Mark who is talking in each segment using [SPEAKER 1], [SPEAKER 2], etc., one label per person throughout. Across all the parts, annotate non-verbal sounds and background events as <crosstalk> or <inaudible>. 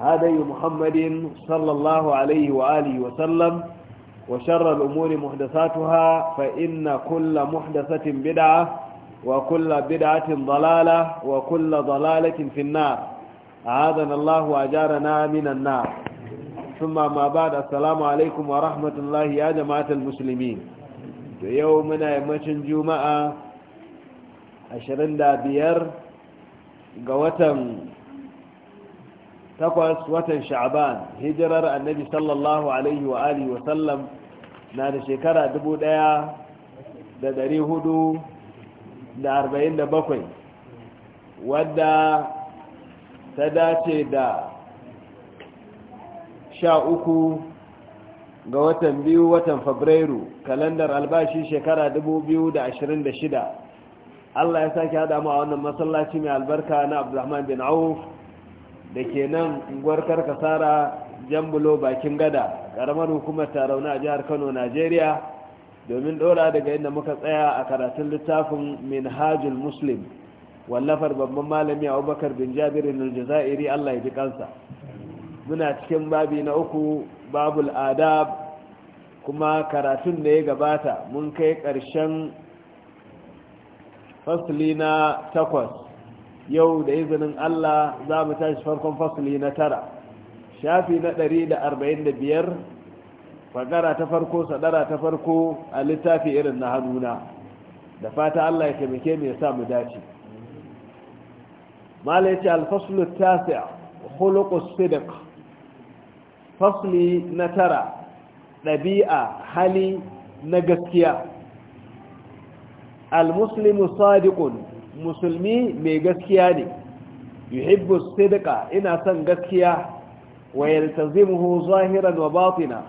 [SPEAKER 1] هدي محمد صلى الله عليه وآله وسلم وشر الأمور محدثاتها فإن كل محدثة بدعة وكل بدعة ضلالة وكل ضلالة في النار أعاذنا الله وأجارنا من النار ثم ما بعد السلام عليكم ورحمة الله يا جماعة المسلمين يومنا يمشن جمعة 25 ga watan takwas watan sha'aban hijirar annabi sallallahu alaihi wa alihi wa sallam na da shekara dubu ɗaya da dari hudu da arba'in da bakwai wadda ta dace da sha uku ga watan biyu watan fabrairu kalandar albashi shekara dubu biyu da ashirin da shida allah ya sake hada mu a wannan masallaci mai albarka na abdulrahman bin auf da ke nan unguwar karkasara jambulo bakin gada karamar hukumar tarauna a jihar kano najeriya domin dora daga inda muka tsaya a karatun littafin minhajul muslim wallafar babban malami abubakar bin jabirin aljazairi allah ya ji kansa muna cikin babi na uku babul adab kuma karatun da ya gabata mun kai ƙarshen fasli na takwas yau da izinin Allah za mu tashi farkon fasuli na tara shafi na ɗari da da biyar fagara ta farko sadara ta farko a littafi irin na hannuna da fata Allah ya taimake mai sa mu dace mala ya ce tasi hulukus fasli na tara ɗabi'a hali na gaskiya Al-muslimu sadiqun musulmi mai gaskiya ne yuhibbu sidqa ina son gaskiya wa yaltazimuhu zahiran wa batina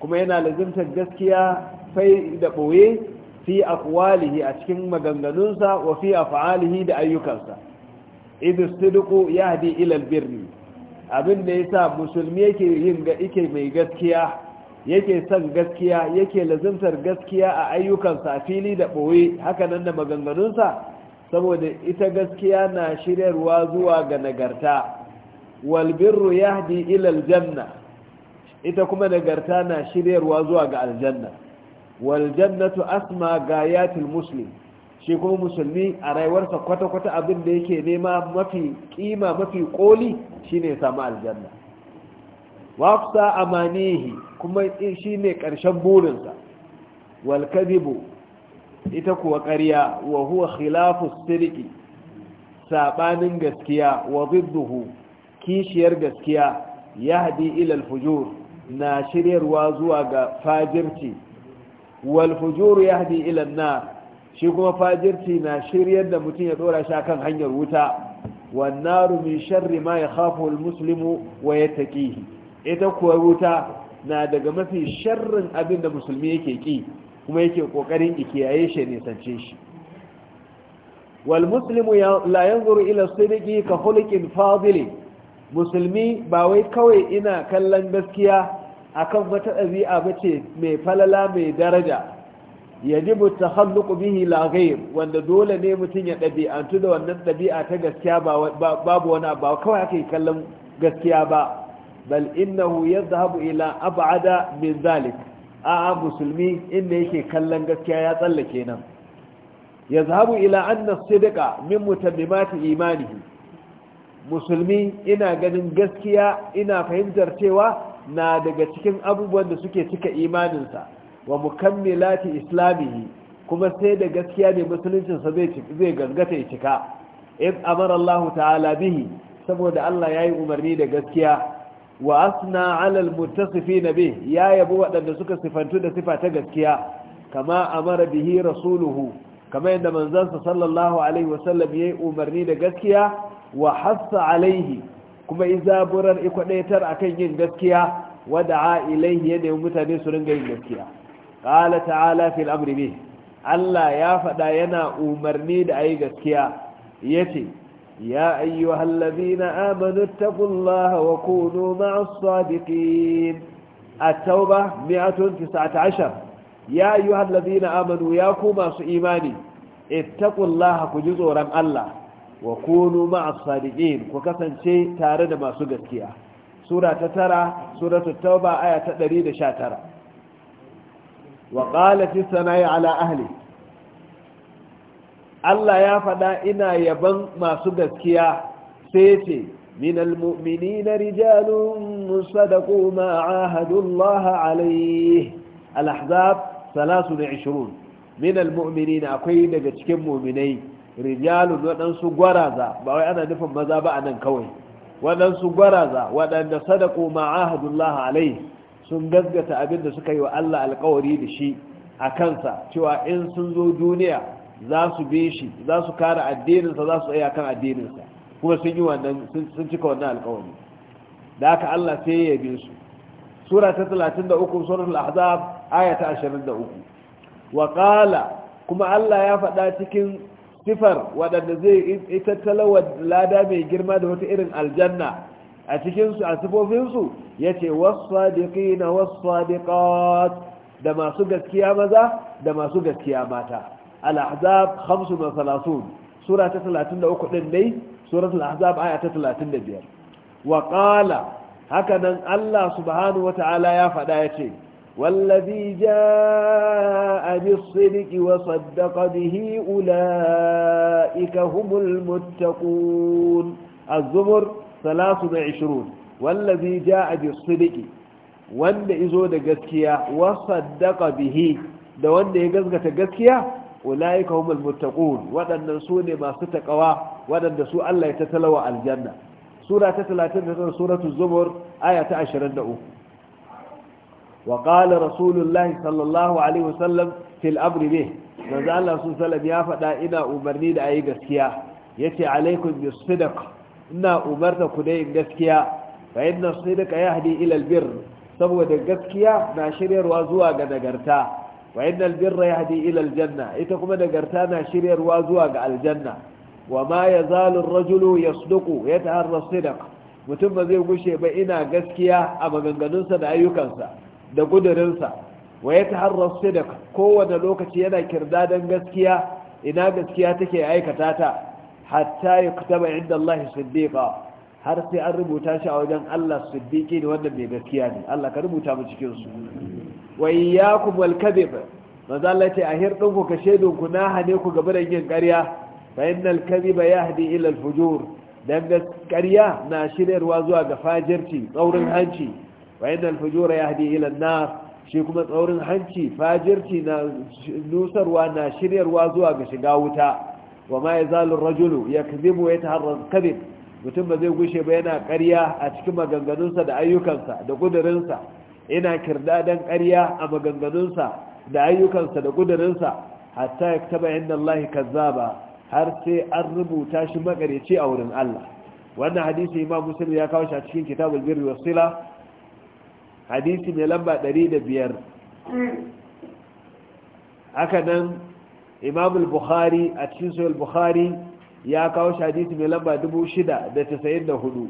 [SPEAKER 1] kuma yana lazimtar gaskiya fai da boye fi aqwalihi a cikin maganganunsa wa fi af'alihi da ayyukansa idh sidqu yahdi ila albirri abin da yasa musulmi yake yin ga yake mai gaskiya yake son gaskiya yake lazimtar gaskiya a ayyukansa fili da boye haka nan da maganganunsa saboda ita gaskiya na shiryarwa zuwa ga nagarta walbirru yahdi ila janna ita kuma nagarta na shiryarwa zuwa ga aljanna waljannatu asma ga yatil muslim shi kuma musulmi a rayuwarsa kwata-kwata abin da yake nema mafi kima mafi koli shine samu aljanna wafsa amanihi kuma shine karshen burinsa wal kadibu ita kuwa ƙarya wa huwa khilafu sirki sabanin gaskiya wa zidduhu kishiyar gaskiya yahdi ila alfujur na shiryarwa zuwa ga fajirci wal fujur yahdi ila na shi kuma fajirci na shiryar da mutum ya dora shi kan hanyar wuta wan naru min sharri ma khafu al-muslimu wa yattaqihi ita kuwa wuta na daga mafi sharrin abin musulmi yake ki kuma yake kokarin kiyaye shi ne sance shi wal muslimu la yanzuru ila sidqi ka khuluqin fadili musulmi ba wai kawai ina kallon gaskiya akan wata ɗabi'a bace mai falala mai daraja yajibu takhalluqu bihi la ghayr wanda dole ne mutun ya ɗabi'antu da wannan ɗabi'a ta gaskiya ba babu wani ba kawai ake kallon gaskiya ba bal innahu yadhhabu ila ab'ada min zalik a musulmi inda yake kallon gaskiya ya tsallake nan ya zahabu ila anna sidika min mutammimati imanihi musulmi ina ganin gaskiya ina fahimtar cewa na daga cikin abubuwan da suke cika imaninsa wa mukammilati islamihi kuma sai da gaskiya ne musuluncinsa zai gangata ya cika in amara Allah ta'ala bihi saboda Allah yayi umarni da gaskiya wa asna alal muttasifi na be ya yabo waɗanda suka sifantu da sifa ta gaskiya kama amara bihi rasuluhu kama yadda manzansa sallallahu alaihi wasallam ya yi umarni da gaskiya wa hassa alaihi kuma izaburar ikwadaitar akan yin gaskiya wada'a ilaihi ya nemi mutane su ringa yin gaskiya qala ta'ala fil amri bih Allah ya faɗa yana umarni da ayi gaskiya yace يا أيها الذين آمنوا اتقوا الله وكونوا مع الصادقين التوبة 119 يا أيها الذين آمنوا ياكم إيماني اتقوا الله رم الله وكونوا مع الصادقين وكثن شيء تارد ما سجد فيها سورة ترى سورة التوبة آية تدريد شاترة وقالت السماء على أهله Allah ya faɗa ina yaban masu gaskiya sai ce من المؤمنين رجال صدقوا ما عاهدوا الله عليه الأحزاب 23 من na akwai daga cikin mu'minai rijalun waɗansu gwaraza ba wai ana nufin maza ba anan kawai waɗansu gwaraza waɗanda sadaku ma alai sun gaskata abin da suka yi wa Allah alƙawari da shi a kansa cewa in sun zo duniya za su be shi za su kare addininsa za su tsaya kan addininsa kuma sun yi wannan sun cika wannan alƙawari da haka Allah sai ya yabe su sura ta 33 suratul ahzab aya ta 23 wa qala kuma Allah ya faɗa cikin sifar waɗanda zai ita talawa lada mai girma da wata irin aljanna a cikinsu a sifofinsu ya ce wasu na wasu da masu gaskiya maza da masu gaskiya mata al’azab 530 sura ta 33 ɗin dai al’azab aya ta 35 wa ƙala haka nan Allah subhanahu wa ya faɗa ya ce wallazi ja a bisiriki wa bihi ula’ika humul azumur 320 wallazi ja a wanda izo da gaskiya wa bihi da wanda ya gaskata gaskiya ulaika humul muttaqun wadannan su ne masu takawa wadanda su Allah ya talawa aljanna sura ta 39 suratul zumur aya ta 23 wa qala rasulullahi sallallahu alaihi wasallam fil amri bih manzo Allah sun sallam ya faɗa ina umarni da ayi gaskiya yace alaikum bisidq ina umarta ku da gaskiya fa inna sidqa yahdi ila albir saboda gaskiya na shiryarwa zuwa ga nagarta wa innal birra yahdi ila aljanna ita kuma nagarta na shiryarwa zuwa ga aljanna wa ma yazalu ar-rajulu yasduqu yataharra sidq mutum ba zai gushe ba ina gaskiya a maganganunsa da ayyukansa da gudurinsa wa yataharra sidq kowane lokaci yana kirdadan gaskiya ina gaskiya take aikata ta hatta yuktaba inda Allah siddiqa har sai an rubuta shi a wajen Allah siddiqi ne wanda mai gaskiya ne Allah ka rubuta mu cikin su Wai iyyakum wal kadhib manzo Allah a hirɗinku ku ka shedun na hane ku gaba da yin ƙarya fa innal kadhiba yahdi ila al fujur dan ƙarya na shiryarwa zuwa ga fajirci tsaurin hanci fa innal fujura yahdi ila an-nar shi kuma tsaurin hanci fajirci na nusarwa na shiryarwa zuwa ga shiga wuta wa ma yazalu ar-rajulu yakdhibu ta yataharra kadhib mutum ba zai gushe ba yana ƙarya a cikin maganganunsa da ayyukansa da kudurinsa ina kirdadan ƙarya a maganganunsa da ayyukansa da gudurinsa hatta ya taba inda Allah kazzaba har sai an rubuta shi makareci a wurin Allah wannan hadisi imam muslim ya kawo shi a cikin kitabul birri wa sila hadisi mai lamba 105 haka nan imam al-bukhari a cikin sahih al-bukhari ya kawo shi hadisi mai lamba 694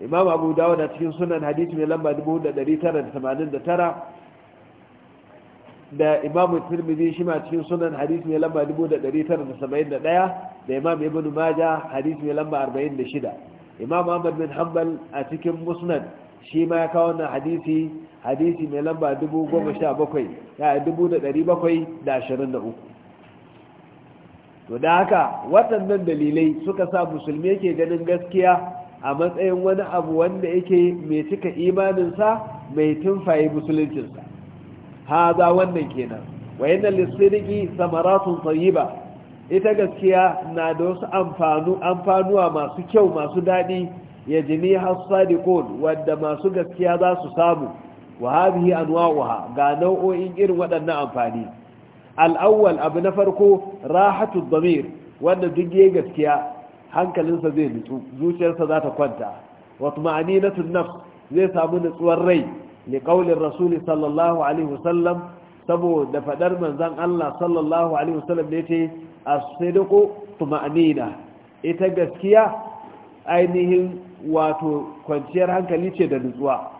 [SPEAKER 1] imam abu dawud a cikin sunan hadith mai lamba 1989 da imam tirmidhi shi ma cikin sunan hadith mai lamba 1971 da imam ibn maja hadith mai lamba 46 imam ahmad bin hanbal a cikin musnad shi ma ya kawo wannan hadithi hadithi mai lamba 17,000 ya 7,723 to da haka waɗannan dalilai suka sa musulmi yake ganin gaskiya a matsayin wani abu wanda yake mai cika imaninsa mai tunfaye musuluncinsa za wannan kenan wayan lissidiki samaratun tayyiba ita gaskiya na da wasu amfanuwa masu kyau masu daɗi ya jini hasadikon wadda masu gaskiya za su samu wa hadhihi anwa'uha ga nau'o'in irin waɗannan amfani al-awwal abu na farko Rahatud damir wanda duk yayi gaskiya hankalinsa zai nutsu zuciyarsa za ta kwanta wato ma'ani na tunnaf zai samu nutsuwar rai ne kaulin rasuli sallallahu alaihi wasallam saboda fadar manzon Allah sallallahu alaihi wasallam ne ce as tuma'nina ita gaskiya ainihin wato kwanciyar hankali ce da nutsuwa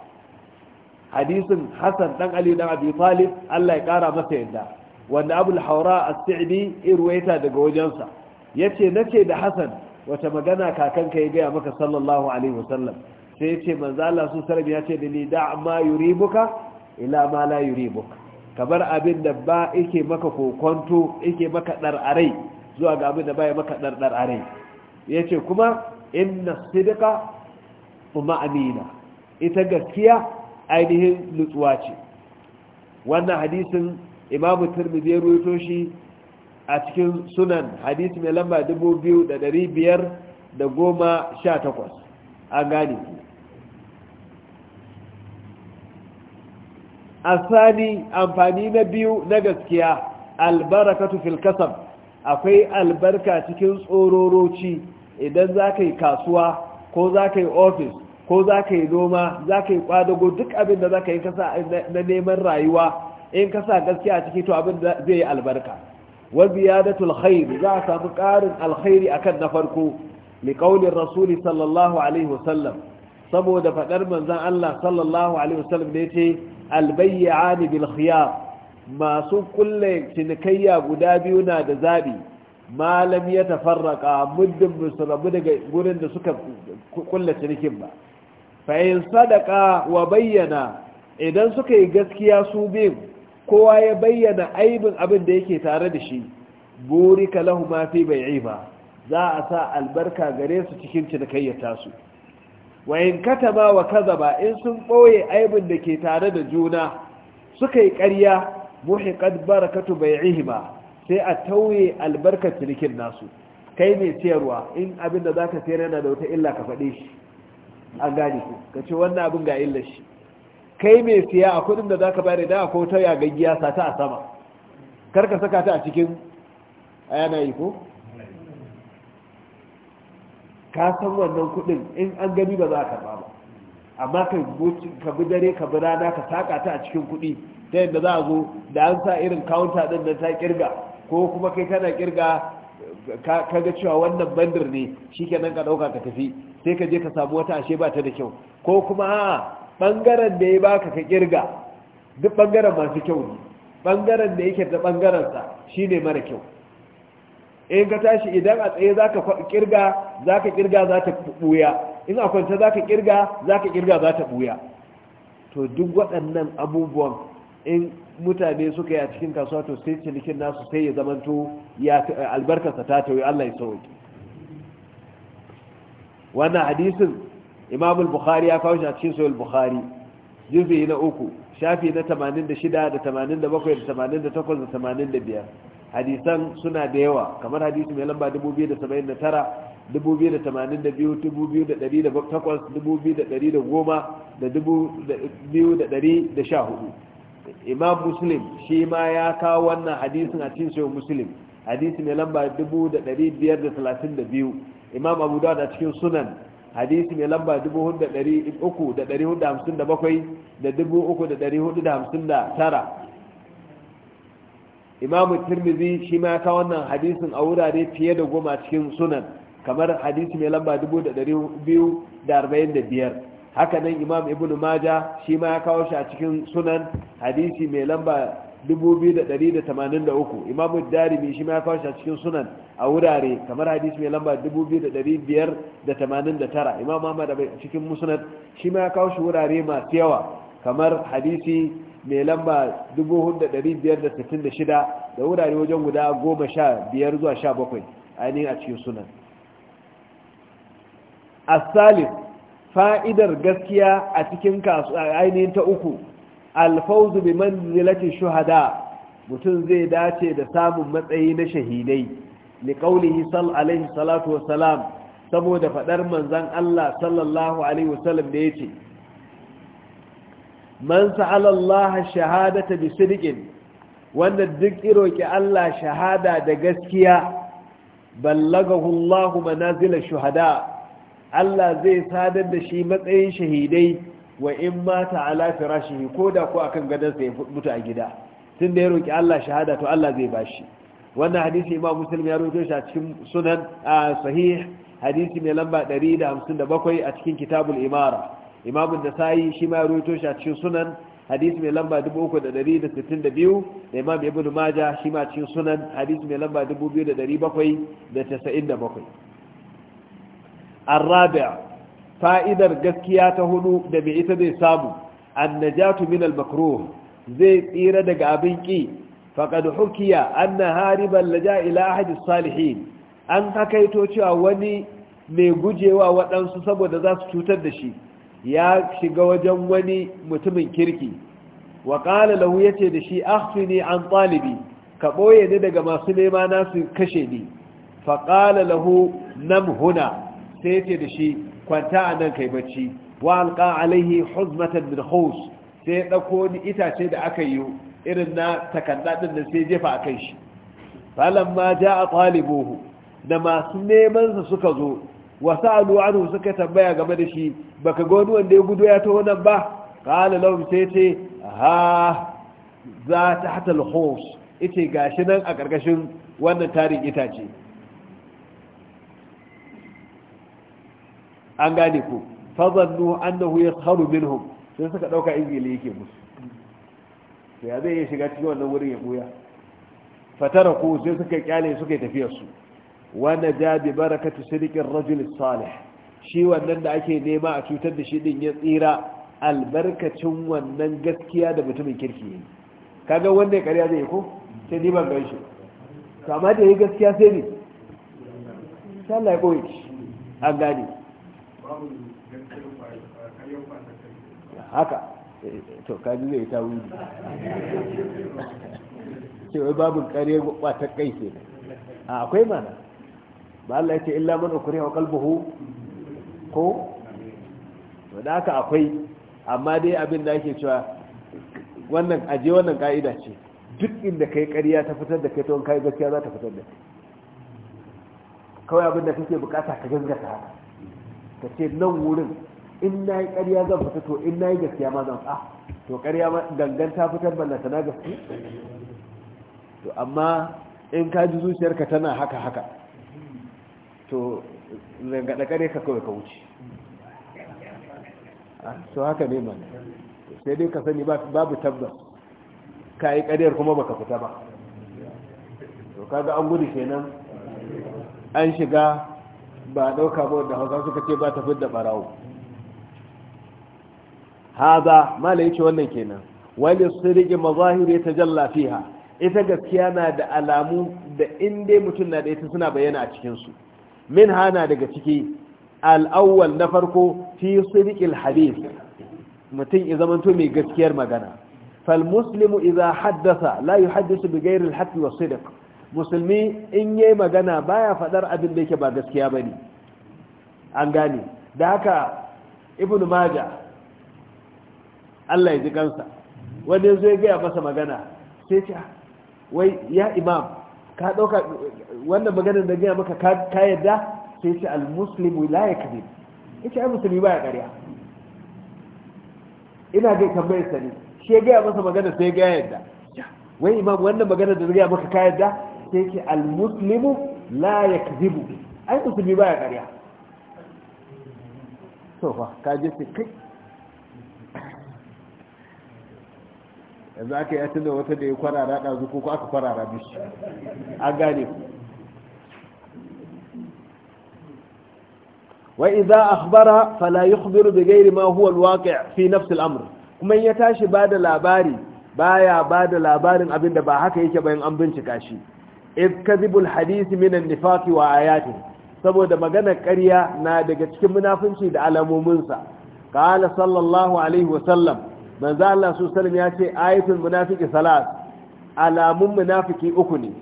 [SPEAKER 1] hadisin Hassan dan Ali dan Abi Talib Allah ya kara masa yadda wanda Abu al-Hawra as-Sa'di irwaita daga wajensa yace nace da Hassan wata magana kakanka ya gaya maka sallallahu alaihi wasallam sai ya ce manzo Allah su sallam ya ce dali da ma yuribuka ila ma la yuribuka kabar abin da ba yake maka kokonto yake maka dar'arai zuwa ga abin da ba ya maka Ya ce, kuma inna sidqa kuma amina ita gaskiya ainihin nutsuwa ce wannan hadisin imamu turmidi ya ruwaito shi a cikin sunan hadisi mai lamba biyu da biyar 2518 an gane ku asani amfani na biyu na gaskiya albarakatu fil kasab akwai albarka cikin tsororoci idan za ka yi kasuwa ko za ka yi ofis ko za ka yi noma za ka yi kwadago duk abin da za ka yi kasa na neman rayuwa in kasa gaskiya ciki to abin zai yi albarka wa ziyadatul khair za a samu ƙarin alkhairi akan na farko li qaulin rasul sallallahu alaihi wasallam saboda faɗar manzan Allah sallallahu alaihi wasallam da yace albayyani bil khiyar masu kulle cinikayya guda biyu na da zabi malam ya tafarraka muddin musu rabu daga gurin da suka kulle cinikin ba fa in sadaka wa bayyana idan suka yi gaskiya su biyu kowa ya bayyana aibin abin da yake tare da shi buri lahu ma fi ba. za a sa albarka gare su cikin cinikayyata su wa in kataba wa ba, in sun ɓoye aibin da ke tare da juna suka yi ƙarya bai barakatu ba, sai a tauye albarka cinikin nasu kai mai siyarwa in abin da zaka sayar yana da wata illa ka faɗe shi an gane ku ka ce wannan abin ga illa shi kai mai siya a kudin da za ka bayar da akwai wata ya gaggiya sata a sama karka saka ta a cikin a yanayi ko ka san wannan kudin in an gani ba za ka ba ba amma ka bi dare ka bi rana ka saka ta a cikin kudi ta yadda za a zo da an sa irin kawunta din da ta kirga ko kuma kai kana kirga ka ga cewa wannan bandar ne shi kenan ka ɗauka ka tafi sai ka je ka samu wata ashe ba ta da kyau ko kuma ɓangaren da ya baka ka kirga duk ɓangaren masu kyau ne ɓangaren da yake da ɓangarensa shi ne mara kyau in ka tashi idan a tsaye za ka kirga za ka kirga za ta ɓuya in a kwanta za ka kirga za ka kirga za ta ɓuya to duk waɗannan abubuwan in mutane suka yi a cikin kasuwa to sai cinikin nasu sai ya zamanto ya albarkarsa ta tauye Allah ya sauki wannan hadisin imam al-bukhari ya kawo shi a cikin sahih bukhari juz'i na uku shafi na 86 da 87 da 88 da 85 hadisan suna da yawa kamar hadisi mai lamba 2079 imam muslim shi ma ya kawo wannan hadisin a cikin sahih muslim hadisi mai lamba 5532 imam abu dawud a cikin sunan hadisi mai lamba 3,457 da 3,459 imamu tirmizi shi ma ya kawo wannan hadisin a wurare fiye da goma cikin sunan kamar hadisi mai lamba 2,245 haka nan imam ibn maja shi ma ya kawo shi a cikin sunan hadisi mai lamba 2183 imamu darimi shi ma ya kawo a cikin sunan a wurare kamar hadisi mai lamba 2589 imamu ahmad a cikin musnad shi ma ya kawo shi wurare masu yawa kamar hadisi mai lamba 4566 da wurare wajen guda 15 zuwa 17 ainihin a cikin sunan asalin fa'idar gaskiya a cikin ainihin ta uku alfauzu bi manzilati shuhada mutum zai dace da samun matsayi na shahidai li qaulihi sal alaihi salatu saboda fadar manzon Allah sallallahu alaihi wasallam da yace man sa'ala Allah shahadata bi sidqin wanda duk iroki Allah shahada da gaskiya ballagahu Allah manazila shuhada Allah zai sadar da shi matsayin shahidai wa in mata ala firashihi ko da ko akan gadon sa ya mutu a gida tun da ya roki Allah shahada to Allah zai bashi wannan hadisi imam muslim ya rawaito shi a cikin sunan sahih hadisi mai lamba 157 a cikin kitabul imara imam da sayi shi ma ya rawaito shi a cikin sunan hadisi mai lamba 3,362 da imam ibn maja shi ma cikin sunan hadisi mai lamba 2,797 الرابع fa'idar gaskiya ta hudu da mai ita zai samu An annajatu min al zai tsira daga abin ki faqad hukiya anna hariban laja ila salihin an hakaito cewa wani mai gujewa waɗansu saboda za su cutar da shi ya shiga wajen wani mutumin kirki wa qala lahu yace da shi akhfini an ɗalibi. ka boye ni daga masu nema na su kashe ni fa qala lahu nam huna sai yace da shi kwanta a nan kai bacci wa alqa alaihi huzmatan min khus sai ya dauko ni itace da aka yi irin na takadda din da sai jefa akan shi falamma jaa talibuhu da masu neman sa suka zo wa sa'alu anhu suka tambaya game da shi baka ga wani wanda ya gudo ya taho nan ba qala lahum sai ce ha za ta hatal khus ite gashi nan a karkashin wannan tarin itace an gane ku fazannu annahu yasharu minhum sai suka dauka injili yake musu to ya zai iya shiga cikin wannan wurin ya buya fatara ku sai suka kyale suka tafiya su wanda ja bi barakatu sirikin rajul salih shi wannan da ake nema a cutar da shi din ya tsira albarkacin wannan gaskiya da mutumin kirki ne kaga wanda ya karya zai ko sai ni ban gaishe to amma da yi gaskiya sai ne sai Allah ya koyi an gane haka to kaji zai ta wuri wai babu kare kwata kai ke a akwai mana ba Allah ya ce illa man wa qalbuhu ko wanda haka akwai amma dai abin da ake cewa wannan aje wannan ka'ida ce duk inda kai ƙarya ta fitar da kai to kai gaskiya za ta fitar da kai kawai abin da kake bukata ka gaskata haka ka ce nan wurin in na yi ƙarya zan fita to in na yi gaskiya ma zan ah to ƙarya ma gangan ta fitar ballanta na gaske to amma in ka ji zuciyarka tana haka haka to zangaɗa ƙare ka kawai ka wuce ah, to haka ne man, sai dai ka sani babu tabbas ka yi ƙaryar kuma baka fita ba to kaga an gudu kenan an shiga ba ɗauka ba wanda hausa suka ce ba ta fidda barawo. haza mala yake wannan kenan wani sirgin mazahir ya tajalla fiha ita gaskiya na da alamu da indai mutum na da ita suna bayyana a cikinsu min na daga ciki al'awwal na farko fi sirgin hadis mutum ya zamanto mai gaskiyar magana fal muslimu haddasa إذا حدث لا يحدث بغير wa Sidiq. musulmi in yayi magana baya fadar abin da yake ba gaskiya bane an gane da haka ibnu maja Allah ya ji kansa wanda yazo ya gaya masa magana sai ce wai ya imam ka dauka wannan maganar da gaya maka ka yadda sai ce al muslim la yakzib yace ai musulmi baya ƙarya ina ga tambayar sa shi ya gaya masa magana sai ya gaya yadda wai imam wannan magana da gaya maka ka yadda sai Al almuslimu la yakzibu ai musulmi baya ƙarya to fa ka je sai kai yanzu aka yi tunda wata da ya kwarara ɗazu ko aka kwarara mishi an gane ku وإذا أخبر فلا يخبر بغير ما هو fi nafs al-amr kuma ya tashi ba da labari baya ba da labarin abin da ba haka yake bayan an bincika shi kadhibul hadisi minan nifasi wa ayatihi saboda magana ƙarya na daga cikin munafunci da alamominsa qala sallallahu alaihi wa sallam manzo Allah su sallam ya ce ayatul munafiqi salat alamun munafuki uku ne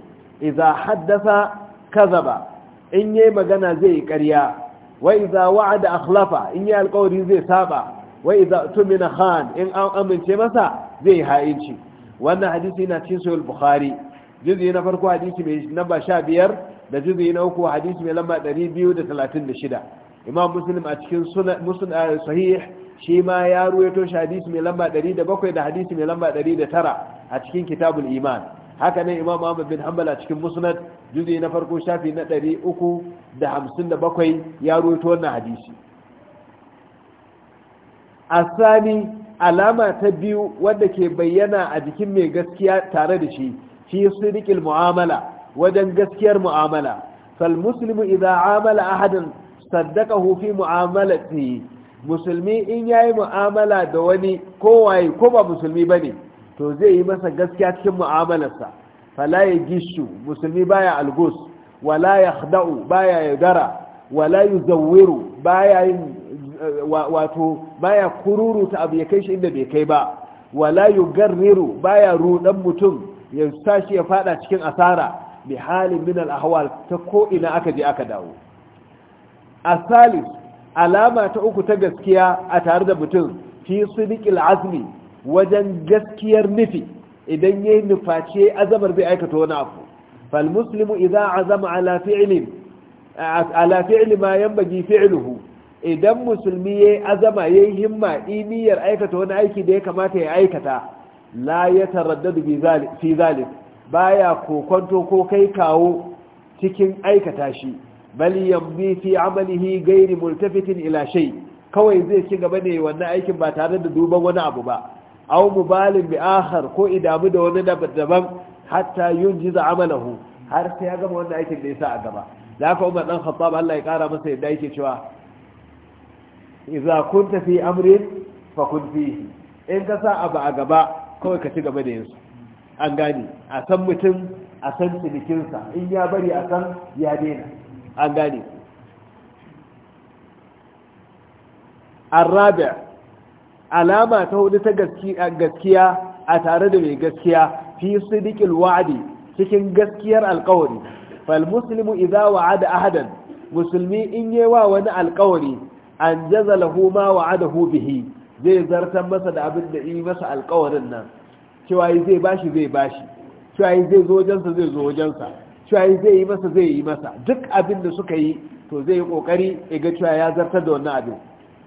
[SPEAKER 1] idza haddasa kazaba in yayi magana zai yi ƙarya wa idza wa'ada akhlafa in yayi alƙawari zai saba wa idza tumina khan in an amince masa zai ha'inci wannan hadisi yana cikin sahih bukhari juzi na farko hadisi mai namba sha biyar da juzi na uku hadisi mai lamba ɗari biyu da talatin da shida imam muslim a cikin eh, sahih shi ma ya ruwaito shi hadisi mai lamba ɗari da bakwai da hadisi mai lamba ɗari da tara a cikin kitabul iman haka ne imam ahmad bin hanbal a cikin musnad juzi na farko shafi na ɗari uku da hamsin da bakwai ya ruwaito wannan hadisi asani alama ta biyu wadda ke bayyana a jikin mai gaskiya tare da shi fi sidqil mu'amala wajen gaskiyar mu'amala fal muslimu idza amala ahadan saddaqahu fi mu'amalatihi musulmi in ya yi mu'amala da wani kowaye ko ba musulmi ba ne? to zai yi masa gaskiya cikin mu'amalarsa fala ya gishu musulmi baya algus wala yakhda'u baya yadara wala yuzawwiru baya yin wato baya kururuta abu ya kai shi inda bai kai ba wala yugarriru baya rudan mutum ya tashi ya fada cikin asara bi halin min al-ahwal ta ko ina aka je aka dawo asali alama ta uku ta gaskiya a tare da mutum fi sidiqil azmi wajen gaskiyar nufi idan yayi nufaci azamar bai aikata wani abu fal muslimu idza azama ala fi'lin ala fi'li ma yanbaghi fi'luhu idan musulmi yayi azama yayi himma imiyar aikata wani aiki da ya kamata ya aikata la ya taraddadu fi ba baya kokonto ko kai kawo cikin aikata shi bal yamdi fi amalihi gairi multafitin ila shay kawai zai ci gaba ne wannan aikin ba tare da duban wani abu ba aw mubalin bi akhar ko idamu da wani daban hatta yunjiza amalahu har sai ya gama wannan aikin da yasa a gaba da haka Umar dan Khattab Allah ya kara masa yadda yake cewa idza kunta fi amrin fa kun fihi in ka sa abu a gaba kawai ka ci gaba da yinsu an gane a san mutum a san cinikinsa in ya bari a san ya daina an gane arrabi alama ta hudu ta gaskiya a tare da mai gaskiya fi dikil wa'adi cikin gaskiyar alkawari fal idan idza wa'ada ahadan musulmi in yi wa wani alkawari an jaza ma wa'adahu bihi zai zartar masa da abin da yi masa alkawarin nan cewa yi zai bashi zai bashi cewa yi zai zo wajensa zai zo wajensa cewa yi zai yi masa zai yi masa duk abin da suka yi to zai yi kokari ya ga cewa ya zartar da wannan abin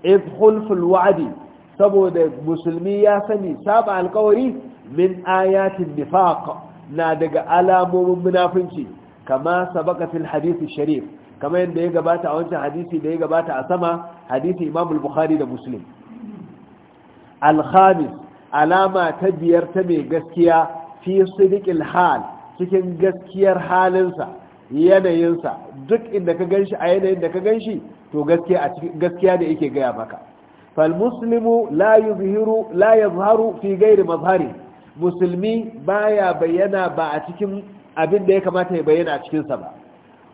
[SPEAKER 1] if hulful wa'di saboda musulmi ya sani saba alkawari min ayatin nifaq na daga alamomin munafunci kama sabaka fil hadith sharif kama yadda ya gabata a wancan hadisi da ya gabata a sama hadisi imam bukhari da muslim alhamis alama ta biyar ta mai gaskiya fi sidiqil hal cikin gaskiyar halinsa yanayinsa duk inda ka ganshi a yanayin da ka ganshi to gaskiya da yake gaya maka falmuslimu la yuzhiru la fi gairi mazhari musulmi baya bayyana ba a cikin abin da ya kamata ya bayyana a cikinsa ba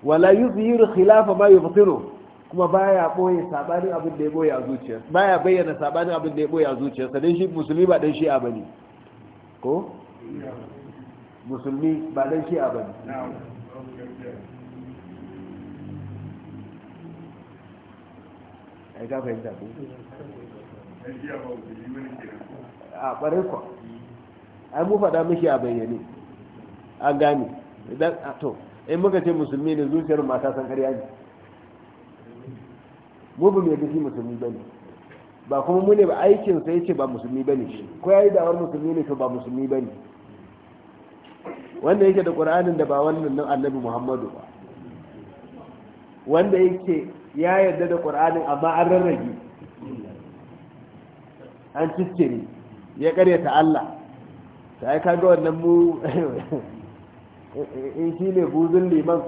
[SPEAKER 1] wala yuzhiru khilafa ma yuftiru kuma baya boye sabanin abin da ya boye a zuciyarsa baya bayyana sabanin abin da ya boye a zuciyarsa dan shi musulmi ba dan shi'a bane ko musulmi ba dan shi'a bane ai ka fahimta ko a bare kwa ai mu faɗa miki a bayyane an gane idan a to in muka ce musulmi ne zuciyar mata san karya ne mu ba mu yadda musulmi ba ne ba kuma mu ne ba aikin sa yace ba musulmi ba ne shi ko yayi da'awar musulmi ne to ba musulmi ba ne wanda yake da qur'anin da ba wannan nan annabi muhammadu ba wanda yake ya yarda da qur'anin amma an rarrage an ciccire ya karyata Allah ta yi kaga wannan mu <laughs> in shi ne buzun liman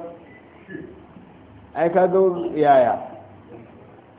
[SPEAKER 1] ai kaga yaya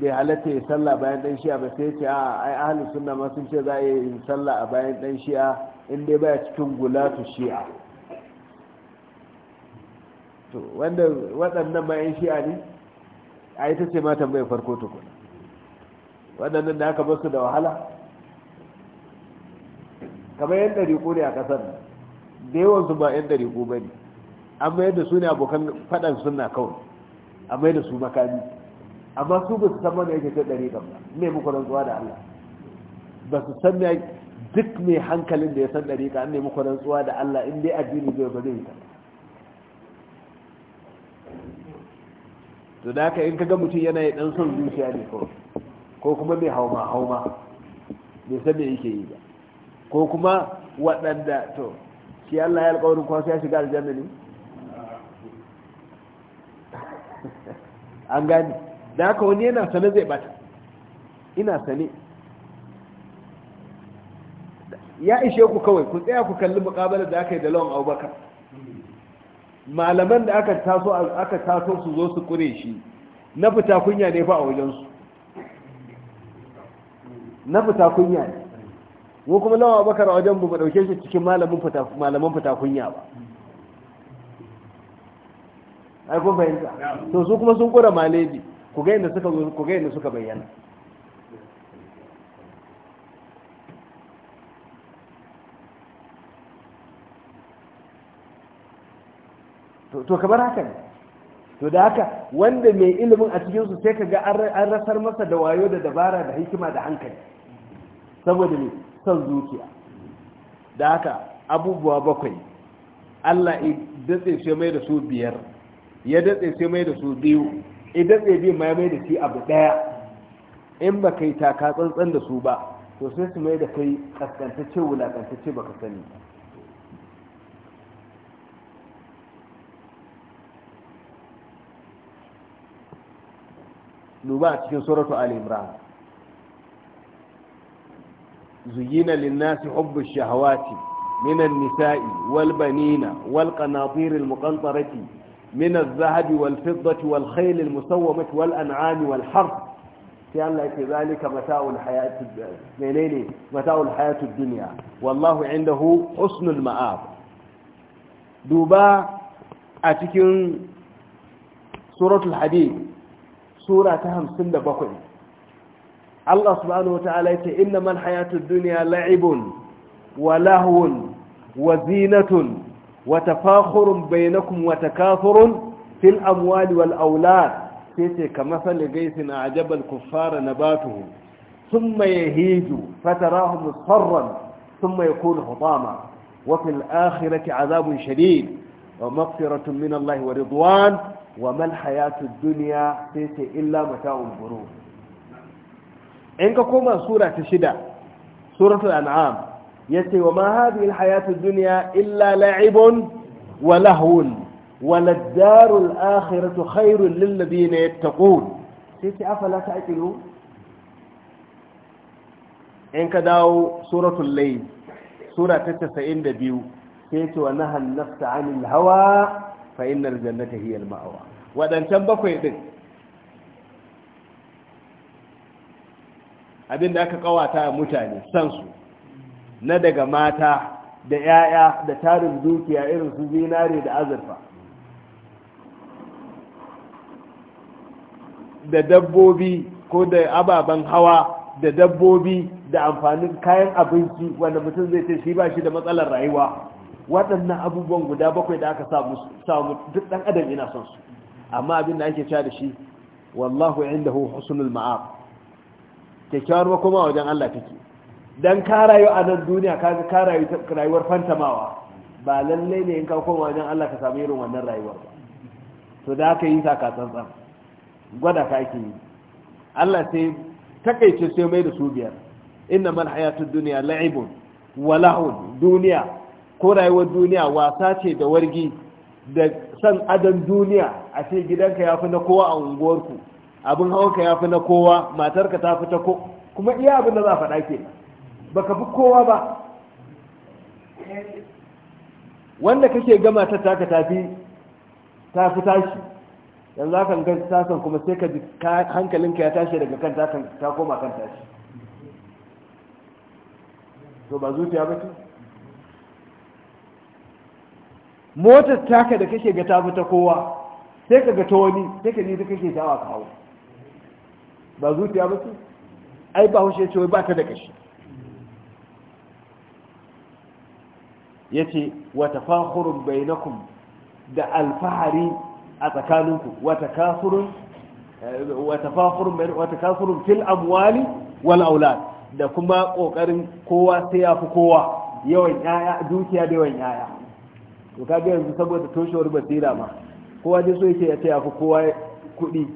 [SPEAKER 1] bai halatta ya salla bayan dan shi'a ba sai ce a ai ahlus sunna ma sun ce za a yi salla a bayan dan shi'a in dai baya cikin gulatu shi'a to wanda waɗannan bayan shi'a ne a yi ta ce ma bai farko ta kuna waɗannan da aka basu da wahala kamar yadda riko ne a ƙasar da su ba yan riko ba ne amma yadda su ne abokan faɗan suna kawai amma yadda su makami amma su ba su san mana yake sai ɗari ba me muku rantsuwa da Allah ba su san mai duk mai hankalin da ya san ɗari ka ne muku rantsuwa da Allah in dai addini zai ba zai ta to da haka in kaga mutum yana dan son zuciya ne ko ko kuma mai hauma hauma bai san me yake yi ba ko kuma waɗanda to shi Allah ya alƙawarin kwasa ya shiga aljanna ne <laughs> an gane da haka wani yana sane zai bata ina sane ya ishe ku kawai ku tsaya ku kalli mukabalar da aka yi da lawan abubakar malaman da aka taso aka taso su zo su kure shi na fita kunya ne fa a wajensu na fita kunya ne mu kuma lawan abubakar a wajen ba dauke shi cikin malamin fita malaman fita kunya ba ai kun fahimta to su kuma sun kura maledi ku ga yadda suka bayyana to kamar haka ne to da haka wanda mai ilimin a cikinsu sai ka ga an rasar masa da wayo da dabara da hikima da hankali saboda ne son zuciya da haka abubuwa bakwai Allah ya datse sai mai da su biyar ya datse sai mai da su biyu idan zai bi ma mai da shi abu daya in ba kai taka tsantsan da su ba to sai su mai da kai kaskantacce wulakantacce baka sani duba a cikin suratu ali imran زين للناس حب الشهوات من النساء والبنين والقناطير المقنطرة من الذهب والفضة والخيل المسومة والأنعام والحرث في أن الله ذلك متاع الحياة الدنيا متاع الحياة الدنيا والله عنده حسن المآب دوبا أتكن سورة الحديد سورة تهم سنة بقل الله سبحانه وتعالى إنما الحياة الدنيا لعب ولهو وزينة وتفاخر بينكم وتكاثر في الأموال والأولاد سيتي كمثل غيث أعجب الكفار نباته ثم يهيج فتراه مصفرا ثم يكون حطاما وفي الآخرة عذاب شديد ومغفرة من الله ورضوان وما الحياة الدنيا سيتي إلا متاع الغرور إنك كما سورة شدة سورة الأنعام yace wa ma hadhihi alhayatu duniya illa la'ibun wa lahun wa lad akhiratu khairun lil ladina yattaqun sai ce afala ta'qilu in ka dawo suratul layl sura ta 92 sai ce wa nahan nafsa 'anil hawa fa innal jannata hiya al-ma'wa wadancan bakwai din abinda aka kawata mutane san su na daga mata da 'ya'ya da tarin dukiya irin su zinare da azurfa da dabbobi ko da ababen hawa da dabbobi da amfanin kayan abinci wanda mutum zai ce shi ba shi da matsalar rayuwa waɗannan abubuwan guda bakwai da aka samu duk ɗan adam ina son su amma abin da ake cewa da shi wallahu indahu husnul ma'ab kyakkyawar makoma wajen Allah take dan ka rayu a nan duniya ka ka rayu rayuwar fantamawa ba lallai ne in ka koma wajen Allah ka samu irin wannan rayuwar ba to da aka yi saka tsantsan gwada ka ake yi Allah sai takaice sai mai da su biyar inna mal hayatud dunya la'ibun wa lahun duniya ko rayuwar duniya wasa ce da wargi da san adan duniya a ce gidanka ya fi na kowa a unguwarku abin hawanka ya fi na kowa matarka ta fi ta ko kuma iya abin da za faɗa kenan baka fi kowa ba wanda kake gama ta taka tafi ta fi tashi yanzu hakan ga tasan kuma sai ka ji hankalinka ya tashi daga kan takan ta koma kan tashi to ba zuciya ba ce motar taka da kake ga tafi ta kowa sai ka ga ta wani sai ka ji da kake ta ka hau ba zuciya ba ce ai ba haushe ce wai ba ta da kashi yace wa na bainakum da alfahari a tsakaninku wa takafurun eh, wa tafakhurun wa fil amwali wal aulad da kuma kokarin kowa sai ya fi kowa yawan yaya dukiya da yawan yaya to ga yanzu saboda toshewar basira ma kowa dai so yake ya ce ya fi kowa kuɗi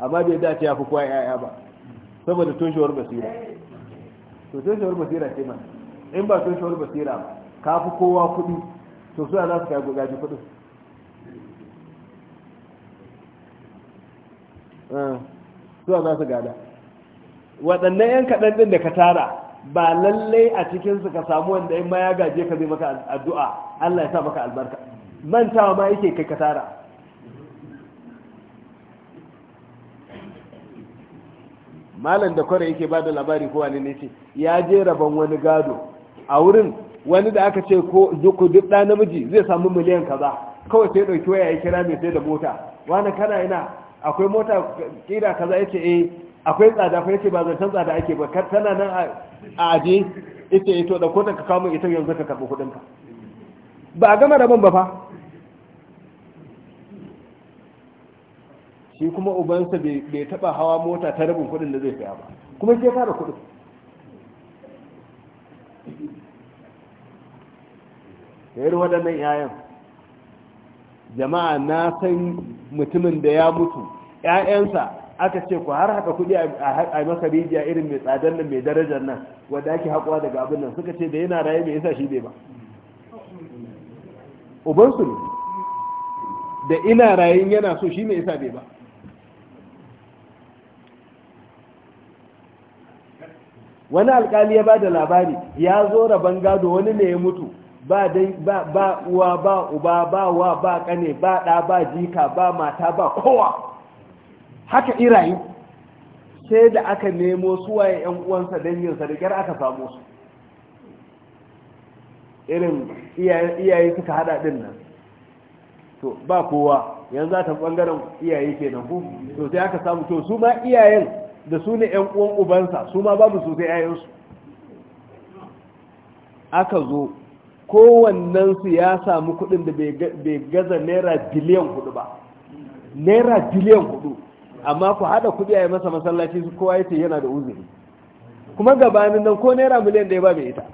[SPEAKER 1] amma bai da ce ya fi kowa yaya ba saboda toshewar basira to toshewar basira ce ma in ba toshewar basira ba ka fi kowa kuɗi to su za su kai gaji kuɗin eh, su za su gada waɗannan 'yan kaɗan ɗin da ka tara ba lallai a cikinsu ka samu wanda in ma ya gaje ka zai maka addu'a Allah ya sa maka albarka mantawa ma yake kai ka tara malam da kware yake ba da labari kowa ne ce ya je rabon wani gado a wurin wani da aka ce ko zuku duk ɗa namiji zai samu miliyan kaza kawai sai ɗauki waya ya kira mai sai da mota wani kana ina akwai mota kira kaza yace eh akwai tsada fa ce ba zancen tsada ake ba kar tana nan a aje ita eh, to da ta ka kawo ita yanzu ka karɓi kuɗin ka ba a gama rabon ba fa shi kuma ubansa bai taɓa hawa mota ta rabin kuɗin da zai saya ba kuma sai fara kuɗin da irin waɗannan 'ya'yan jama'a na san mutumin da ya mutu 'ya'yansa aka ce ku har haka kuɗi a masa rijiya irin mai tsadar nan mai darajar nan wadda ake haƙuwa daga abin nan suka ce da yana raye mai yasa shi bai ba ubansu ne da ina rayin yana so shi mai yasa bai ba wani alkali ya ba da labari ya zo rabon gado wani ne ya mutu ba ba uwa ba uba ba wa ba kane ba da ba jika ba mata ba kowa haka irayi sai da aka nemo suwaye yan uwansa danginsa da kyar aka samu su irin iyaye suka hada din nan to ba kowa yanzu ta bangaren iyaye kenan ku? to sai aka samu to su ma iyayen da su ne yan uwan ubansa su ma babu su sai yayansu aka zo kowannensu ya samu kudin da bai gaza naira biliyan hudu ba naira biliyan hudu amma ku hada kudi a yi masa masallaci su kowa yace yana da uzuri kuma gabanin nan ko naira miliyan da ya ba mai ita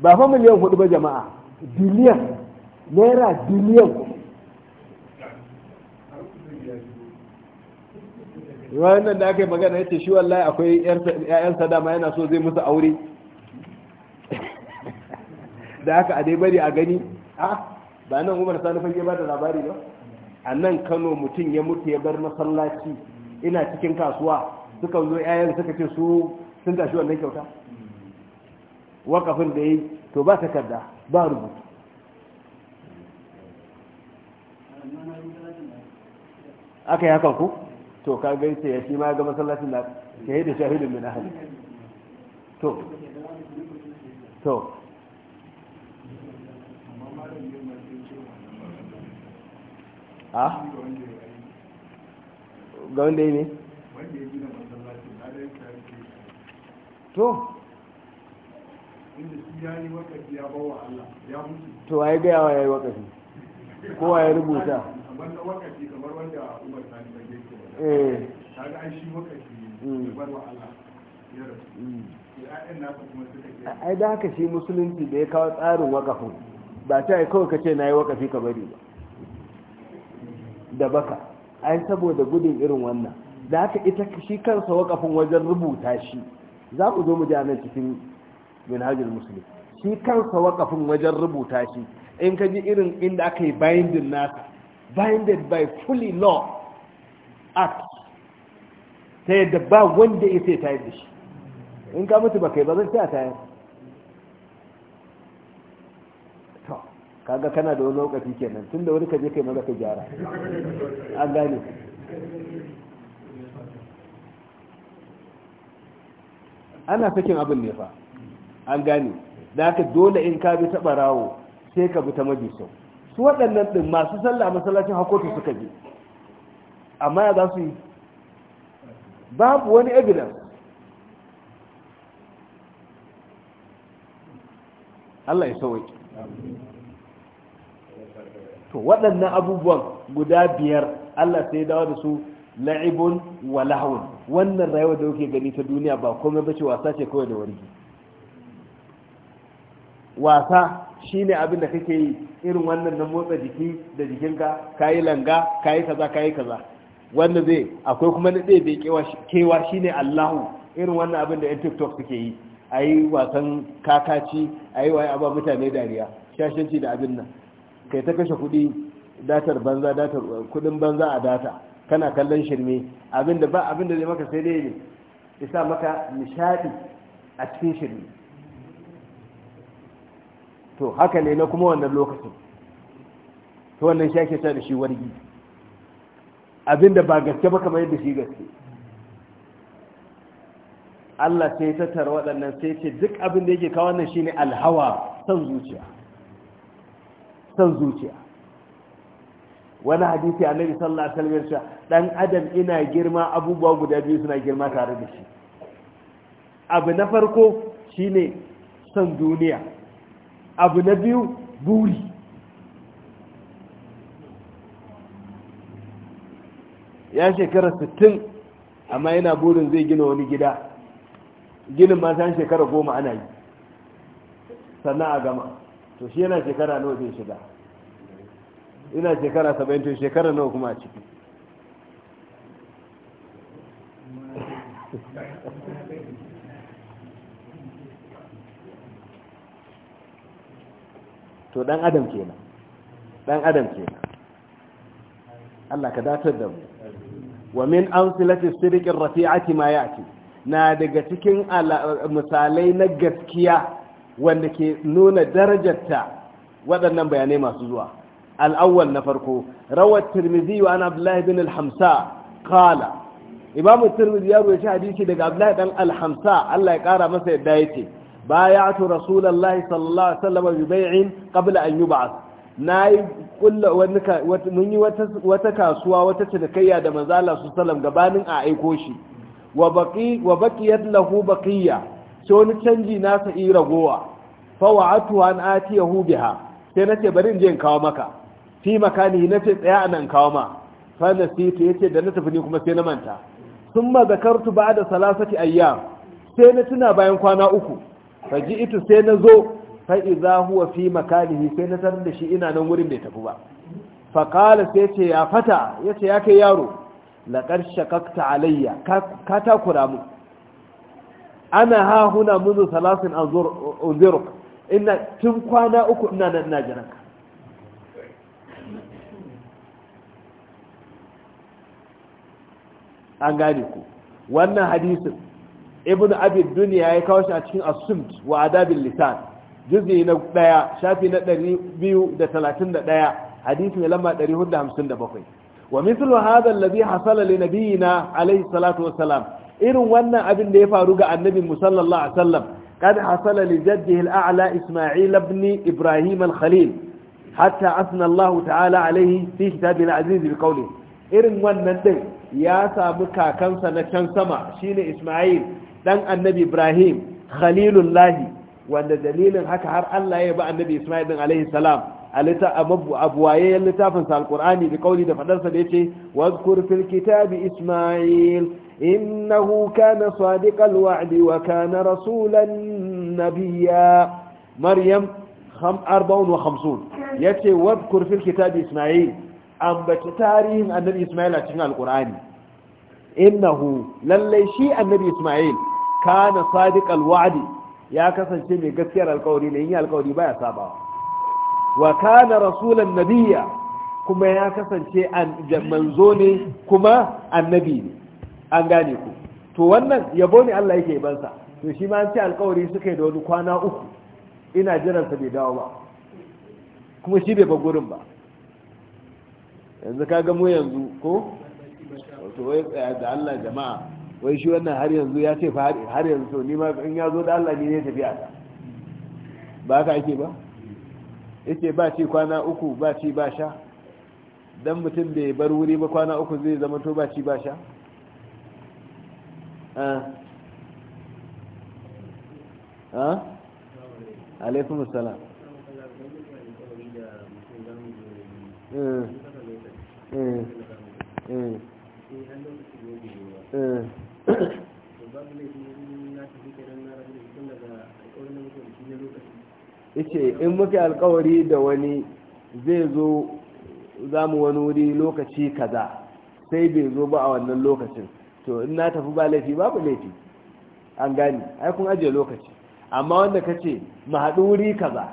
[SPEAKER 1] ba fa miliyan hudu ba jama'a biliyan naira biliyan nan da aka yi magana ya ce shi wallahi akwai ‘ya'yansa dama yana so zai musu aure <laughs> da aka a bari a gani a ba nan umar sani fage ba da labari ba a nan kano mutum ya mutu ya bar masallaci ina cikin kasuwa suka zo ‘ya'yan suka ce su sun tashi wannan kyauta wakafin da yi to ba takarda ba rubutu aka yi hakan ku? to ka gaita ya shi ma ga masallacin da shahidin shahidin min ahli to to a ga wanda yi ne to to ya yi gaya wa ya yi wakafi kowa ya rubuta kamar na wakafi kamar wanda umar sani ba yake ta ga an shi wakafi da hmm. wa Allah ya rasu hmm. ai da haka shi musulunci da ya kawo tsarin wakafin ba ta yi kawai kace na yi wakafi ka bari ba da baka ai saboda gudun irin wannan da haka ita shi kansa wakafin wajen rubuta shi za ku zo mu ji nan cikin minhajul muslim shi kansa wakafin wajen rubuta shi in ka ji irin inda aka yi binding nasa binded by fully law act ta yadda ba wanda ya sai tayar da shi in ka mutu ba kai ba zai sai a tayar to kaga kana da wani lokaci kenan tun da wani ka je kai maza ka gyara an gane ana sakin abin ne fa an gane da haka dole in ka bi ta barawo sai ka bi ta majisau su waɗannan ɗin masu sallah masallacin hakotu suka je amma ya za su yi babu wani evidence Allah ya sauwaki to waɗannan abubuwan guda biyar Allah sai dawo da su la'ibun wa lahawun wannan rayuwa da kuke gani ta duniya ba komai bace wasa ce kawai da wargi wasa shi ne abin da kake yi irin wannan na motsa jiki da jikinka ka yi langa ka yi kaza ka yi kaza wanda zai akwai kuma na ɗaya bai kewa shi ne allahu irin wannan abin da yan tiktok suke yi a yi wasan kakaci a yi waye abuwa mutane dariya shashanci da abin nan kai ta kashe kuɗi datar banza datar kuɗin banza a data kana kallon shirme abin da ba abin da zai maka sai dai ne isa maka nishaɗi a cikin shirme to haka ne na kuma wannan lokacin to wannan shi ake ta da shi wargi abinda ba gaske ba kamar yadda shi gaske Allah sai ta tattara waɗannan sai ce duk abin da yake kawo wannan shine alhawa san zuciya san zuciya wani hadisi annabi sallallahu alaihi wasallam dan adam ina girma abubuwa guda biyu suna girma tare da shi abu na farko shine san duniya abu na biyu buri ya shekara 60 amma yana burin zai gina wani gida ginin san shekara goma ana yi sannan a gama to shi yana shekara nawa zai shiga ina shekara 70 to shekara nawa kuma a ciki to dan adam kenan dan adam kenan Allah ka datar da mu wa min amsilati sirqir rafi'ati ma ya'ti na daga cikin misalai na gaskiya wanda ke nuna darajarta waɗannan bayanai masu zuwa Al'awwal na farko rawat tirmidhi wa an abdullah ibn al-hamsa qala imamu tirmidhi ya rawaita hadisi daga abdullah dan al-hamsa Allah ya kara masa yadda yake bayatu rasulullahi sallallahu alaihi wasallam bi bai'in qabla an yub'ath nayi kullu wani wata kasuwa wata cinikayya da manzo Allah sallallahu gabanin a aiko shi wa baqi wa baqiyat lahu baqiya sai canji nasa yi ragowa fa wa'atu an atiyahu biha sai nace bari in je in kawo maka fi makani nace tsaya anan kawo ma fa nasitu yace da na tafi ni kuma sai na manta summa zakartu ba'da salasati ayyam sai na tuna bayan kwana uku faji itu sai na zo fa'iza huwa fi makanihi sai na sanar da shi ina nan wurin bai tafi ba faƙala sai ce ya fata ya ce ya kai yaro laƙar shakakta alayya ka takura mu ana ha huna munzu salasin zuru ina tun kwana uku ina nan ina jiranka an gane ku wannan hadisin ibn abid duniya ya kawo shi a cikin assumed wa adabin lisan juzi na daya shafi na 231 hadisi mai lamba 457 wa mithlu hadha alladhi hasala li nabiyina alayhi salatu wassalam irin wannan abin da ya faru ga annabi musallallahu alaihi wasallam kad hasala li jaddihi al-a'la isma'il ibn ibrahim al-khalil hatta asna Allah ta'ala alayhi fi kitabi al-aziz bi qawli irin wannan din ya samu kakansa na can sama shine isma'il dan annabi ibrahim khalilullahi wanda dalilin haka har allah ya ba annabi ismail din alaihi salam abuwaye littafin sa alkur'ani da kauli da fadarsa da yace wadhkur fil kitabi ismail innahu kana sadiqal wa'di wa kana rasulan nabiyya maryam 54 yace wadhkur fil kitabi ismail ambaci tarihin annabi ismail a cikin alkur'ani innahu lallai shi annabi ismail kana sadiqal wa'di ya kasance mai gaskiyar alkawari ne yin alkawari baya sabawa wa kana rasulan nabiyya kuma ya kasance manzo ne kuma annabi ne an gane ku to wannan yabo ne Allah yake bansa to shi ma an ce alkawari suka yi da wani kwana uku ina jiransa bai dawo ba kuma shi bai ba gurin ba yanzu ka ga mu yanzu ko to wai da Allah jama'a wai shi wannan har yanzu ya ce har yanzu to ni ma in ya zo da Allah ne ne tafiya ta ba ka ake ba yake ba ci kwana uku ba ci ba sha dan mutum bai bar wuri ba kwana uku zai zama to ba ci ba sha a ah. ah? alaikun musala eh eh eh, eh. yace in muke alkawari da wani zai zo za mu wani wuri lokaci kaza sai bai zo ba a wannan lokacin to in na tafi ba laifi babu laifi an gani ai kun ajiye lokaci amma wanda ka ce mu haɗu wuri kaza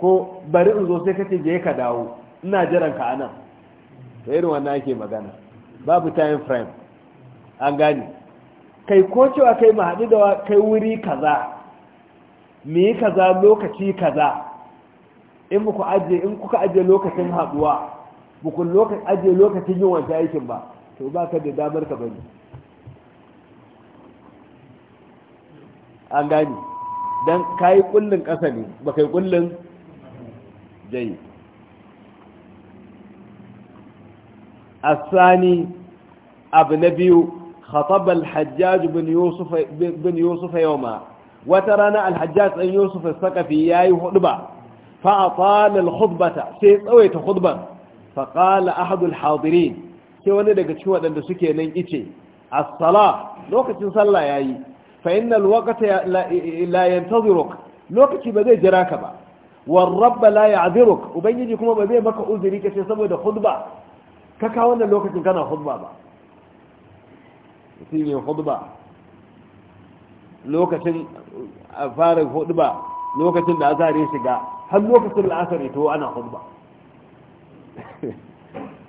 [SPEAKER 1] ko bari in zo sai ka ce je ka dawo ina jiran ka anan ta irin wannan ake magana babu time frame an gani kai ko cewa kai ma haɗu da kai wuri kaza mu yi kaza lokaci kaza in muku aje in kuka aje lokacin haɗuwa muku lokacin aje lokacin yin wancan aikin ba to ba ka da damar ka bane an don dan kai kullun ƙasa ne ba kai kullun jayi الثاني ابن بيو خطب الحجاج بن يوسف بن يوسف يوما وترانا الحجاج بن يوسف الثقفي ياي خطبه فاطال الخطبه سي تسويت خطبه فقال احد الحاضرين سي وني daga cikin waɗanda suke nan yace as-salah lokacin sallah yayi fa inna al-waqt lokaci ba zai jira ka ba war rabb la ya'dhiruk ubangiji kuma ba zai maka uzuri kace saboda khutba ka kawo wannan lokacin kana hudba ba shi ne hudba lokacin a fara hudba lokacin da azhar ya shiga har lokacin la'asar ya to ana hudba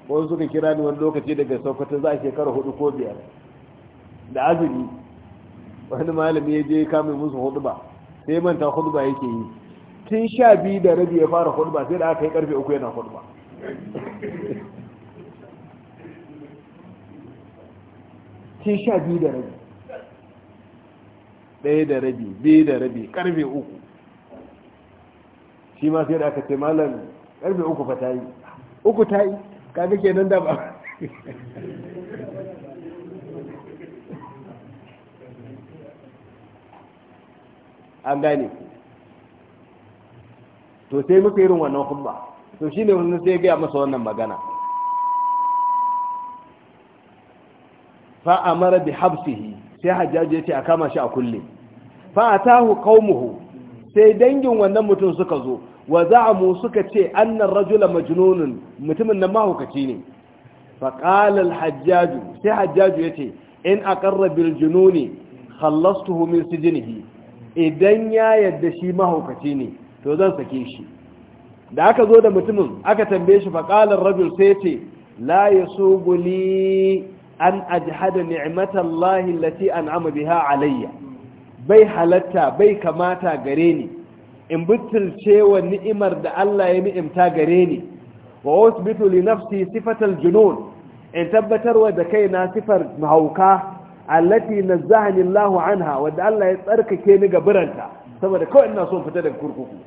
[SPEAKER 1] ko <laughs> suka kira ni wani lokaci daga sokoto za a shekara hudu ko biyar da azumi wani malami ya je kame musu hudba sai manta hudba yake yi tun sha biyu da rabi ya fara hudba sai da aka yi karfe uku yana hudba <laughs> tun sha biyu da rabi ɗaya da rabi biyu da rabi ƙarfe uku shi ma sai da aka ce malam ƙarfe uku fa ta yi uku ta yi kaga nan da ba <laughs> an gane to sai muka irin wannan kuma, to shi ne wannan sai ya gaya masa wannan magana fa amara bi habsihi sai hajjaji ya ce a kama shi a kulle fa atahu sai dangin wannan mutum suka zo wa suka ce annan rajula majnunun mutumin nan mahaukaci ne fa qala al sai hajjaj yace in aqarra bil jununi khallastuhu su jinihi idan ya yadda shi mahaukaci ne to zan sake shi da aka zo da mutumin aka tambaye shi fa rajul sai ce la yasubu an ajhada ni'matallahi allati an'ama biha alayya bai halatta bai kamata gare ni in butulce wa ni'imar da Allah ya ni'imta gare ni wa usbitu li nafsi sifatal junun in tabbatarwa da kaina sifar mahauka allati nazzahani Allah anha wanda Allah ya tsarkake ni ga biranta saboda kawai ina son fita daga kurkuku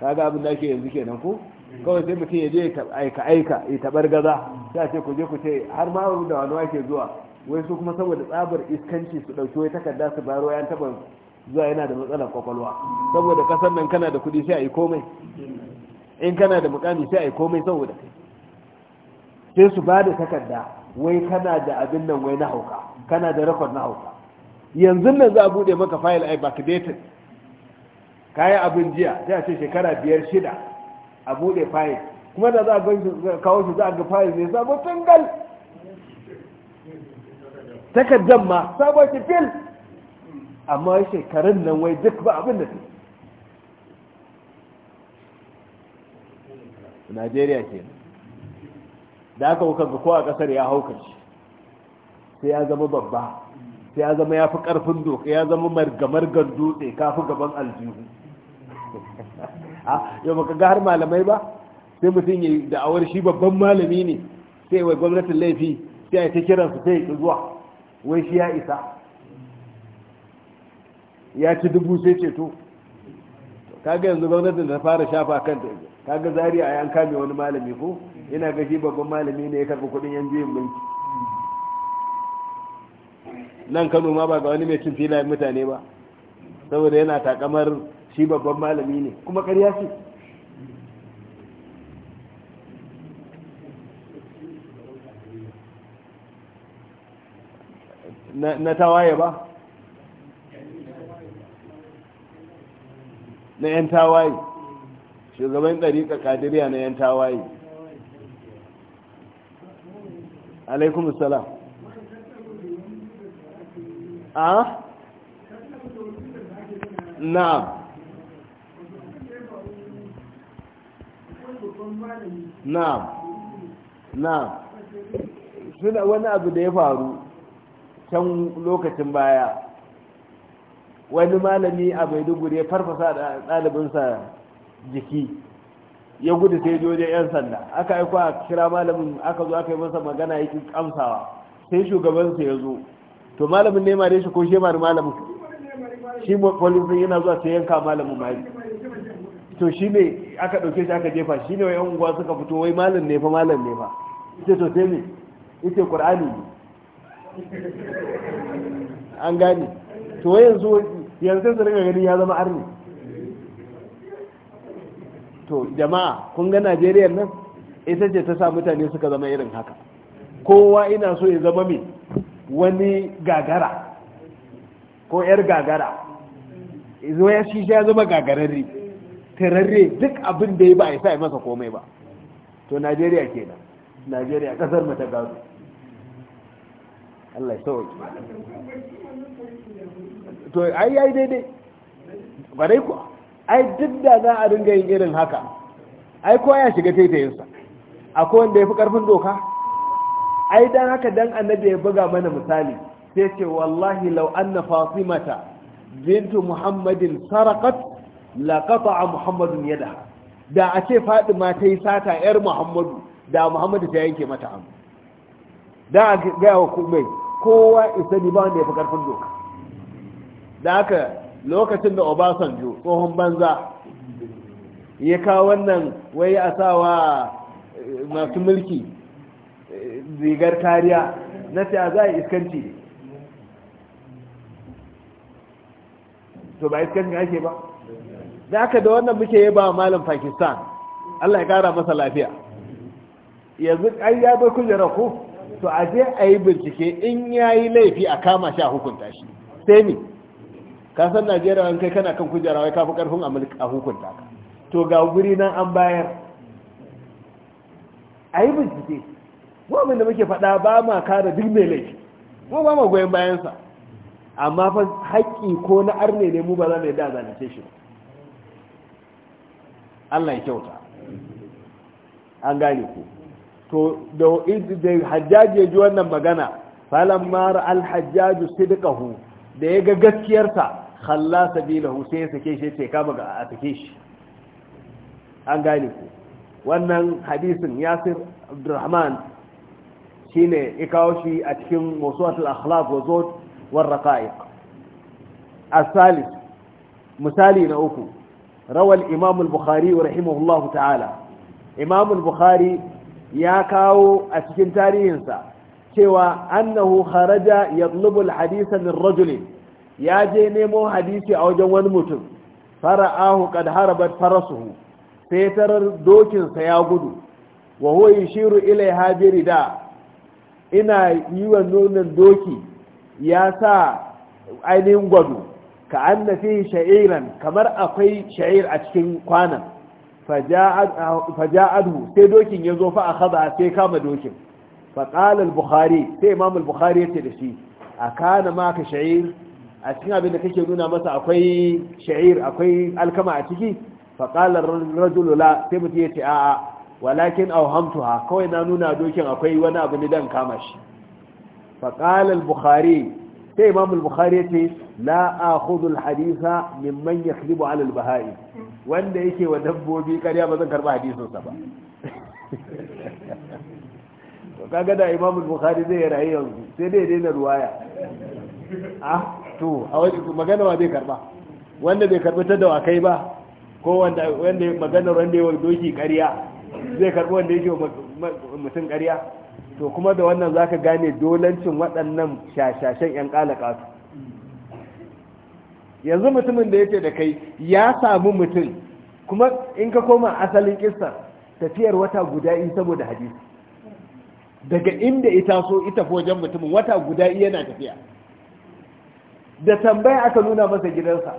[SPEAKER 1] kaga abin da ake yanzu kenan ko kawai sai mutum ya je ka aika ya tabar gaza sai ce ku je ku ce har ma da wani wake zuwa wai su kuma saboda tsabar iskanci su dauki wai takarda su baro yan taba zuwa yana da matsalar kwakwalwa saboda kasar nan kana da kuɗi sai a yi komai in kana da mukami sai a yi komai saboda kai sai su ba da takarda wai kana da abin nan wai na hauka kana da rakon na hauka yanzu nan za a bude maka fayil ai backdated kayan abin jiya sai a ce shekara biyar shida a bude fayil kuma da za a kawo shi za a ga fayil ne sabon tangal takardar ma sabon shi fil amma shekarun nan wai duk ba abin da su nigeria ke da aka hukar ko kowa kasar ya haukar shi sai ya zama babba sai ya zama ya fi karfin doka ya zama margamar dutse kafi gaban aljihu a yau baka ga har malamai ba sai mutum ya da'awar shi babban malami ne sai wai gwamnatin laifi sai a ta kiran su sai ya zuwa wai shi ya isa ya ci dubu sai ceto kaga yanzu gwamnatin da fara shafa kan ta kaga zari a yan kame wani malami ko ina ga shi babban malami ne ya karɓi kuɗin yan biyan mulki nan kano ma ba ga wani mai cin filayen mutane ba saboda yana takamar shi babban malami ne kuma ƙarya ce na tawaye ba na 'yan tawaye shugaban ɗariƙa ƙadiriya na 'yan tawaye alaikum salam a ah? na'am na'am na'am suna wani abu da ya faru can lokacin baya wani malami a maiduguri ya farfasa da ɗalibinsa jiki ya gudu sai jojo 'yan sanda aka aiko a kira malamin aka zo aka yi masa magana yake kamsawa sai shugabansa ya zo to malamin ne ma dai shi ko shi malamin shi polisin yana zuwa sai yanka malamin mari to shi ne aka ɗauke shi aka jefa shi ne yan unguwa suka fito wai malam ne fa malam ne fa ita to sai ne ita qur'ani
[SPEAKER 2] ne
[SPEAKER 1] an gane to wai yanzu yanzu su rika gani ya zama arni to jama'a kun ga Najeriya nan ita ce ta sa mutane suka zama irin haka kowa ina so ya zama mai wani gagara ko 'yar gagara izo ya shi ya zama gagararri tararre duk abin da ya ba a sa masa komai ba to najeriya nan najeriya kasar mata gado allah ya sauki to ai yi daidai ba dai ku ai duk da za a ringa yin irin haka ai kowa ya shiga taitayinsa akwai wanda ya fi karfin doka ai dan haka dan annabi ya buga mana misali sai ce wallahi law anna fatimata bintu muhammadin sarakat a muhammadun ya da a ce ma ta yi sata yar muhammadu da muhammadu ta yanke mata amu da a gaya wa kumai kowa isa ba wanda ya fi ƙarfin doka da aka lokacin da obasanjo tsohon banza ya kawo wannan wai a wa eh, masu mulki eh, rigar kariya na ta za a iskanci
[SPEAKER 2] to ba iskanci ake ba
[SPEAKER 1] da aka da wannan muke yi ba malam pakistan allah ya kara masa lafiya yanzu an ya bai kujera ku to a je a yi bincike in ya yi laifi a kama shi a hukunta shi sai ni ka san najeriya wani kai kana kan kujera wai kafi karfin a hukunta ka to ga guri nan an bayar a yi bincike mu da muke faɗa ba ma kare duk mai laifi mu ba ma goyon bayansa amma fa haƙƙi ko na arne ne mu ba za mu yi da zalunce shi ba Allah ya kyauta an gane ku to da hajjaji ya ji wannan magana falamma mara hajjaju hu. da ya ga gaskiyarsa khalla sabilahu sai ya sake shi sai kama ga a sake shi an gane ku wannan hadisin yasir abdurrahman shine ya kawo shi a cikin mawsu'atul akhlaq wa zuhd war raqa'iq misali na uku rawar imamul bukhari wa ta'ala imamul bukhari ya kawo a cikin tarihinsa cewa annahu kharaja ya tsulubul hadisa min rajulin ya je nemo hadisi a wajen wani mutum fara'ahu kad harabar farasuhu sai tarar dokinsa ya gudu Wahoyin shiru ilai habiri da ina yi wa nunin doki ya sa ainihin gwado ka anna fi sha'iran kamar akwai sha'ir a cikin kwanan faja'adu sai dokin ya zo fa akhadha sai kama dokin fa qala bukhari sai imam al-bukhari yace da shi akana ma ka sha'ir a cikin abin da kake nuna masa akwai sha'ir akwai alkama a ciki fa qala ar-rajulu la sai mutum yace a'a walakin awhamtuha kawai na nuna dokin akwai wani abu ne dan kama shi fa qala bukhari sai imam al-bukhari yace la akhudhu al-haditha mimman yakhlibu ala al-bahai wanda yake wa dabbobi kariya ba zan karba hadisin sa ba <laughs> to kaga da imam al-bukhari zai rayu yanzu sai dai daina ruwaya ah to a wani magana ba zai karba wanda bai karbi ta dawakai ba ko wanda wanda magana wanda yake doki kariya zai karbi wanda yake mutum kariya to kuma da wannan za ka gane dolancin waɗannan shashashen 'yan ƙalaƙa yanzu mutumin da yake da kai ya samu mutum kuma in ka koma asalin ƙista tafiyar wata guda in saboda hadisi daga inda ita so ita wajen mutumin wata guda yana tafiya da tambaya aka nuna masa gidansa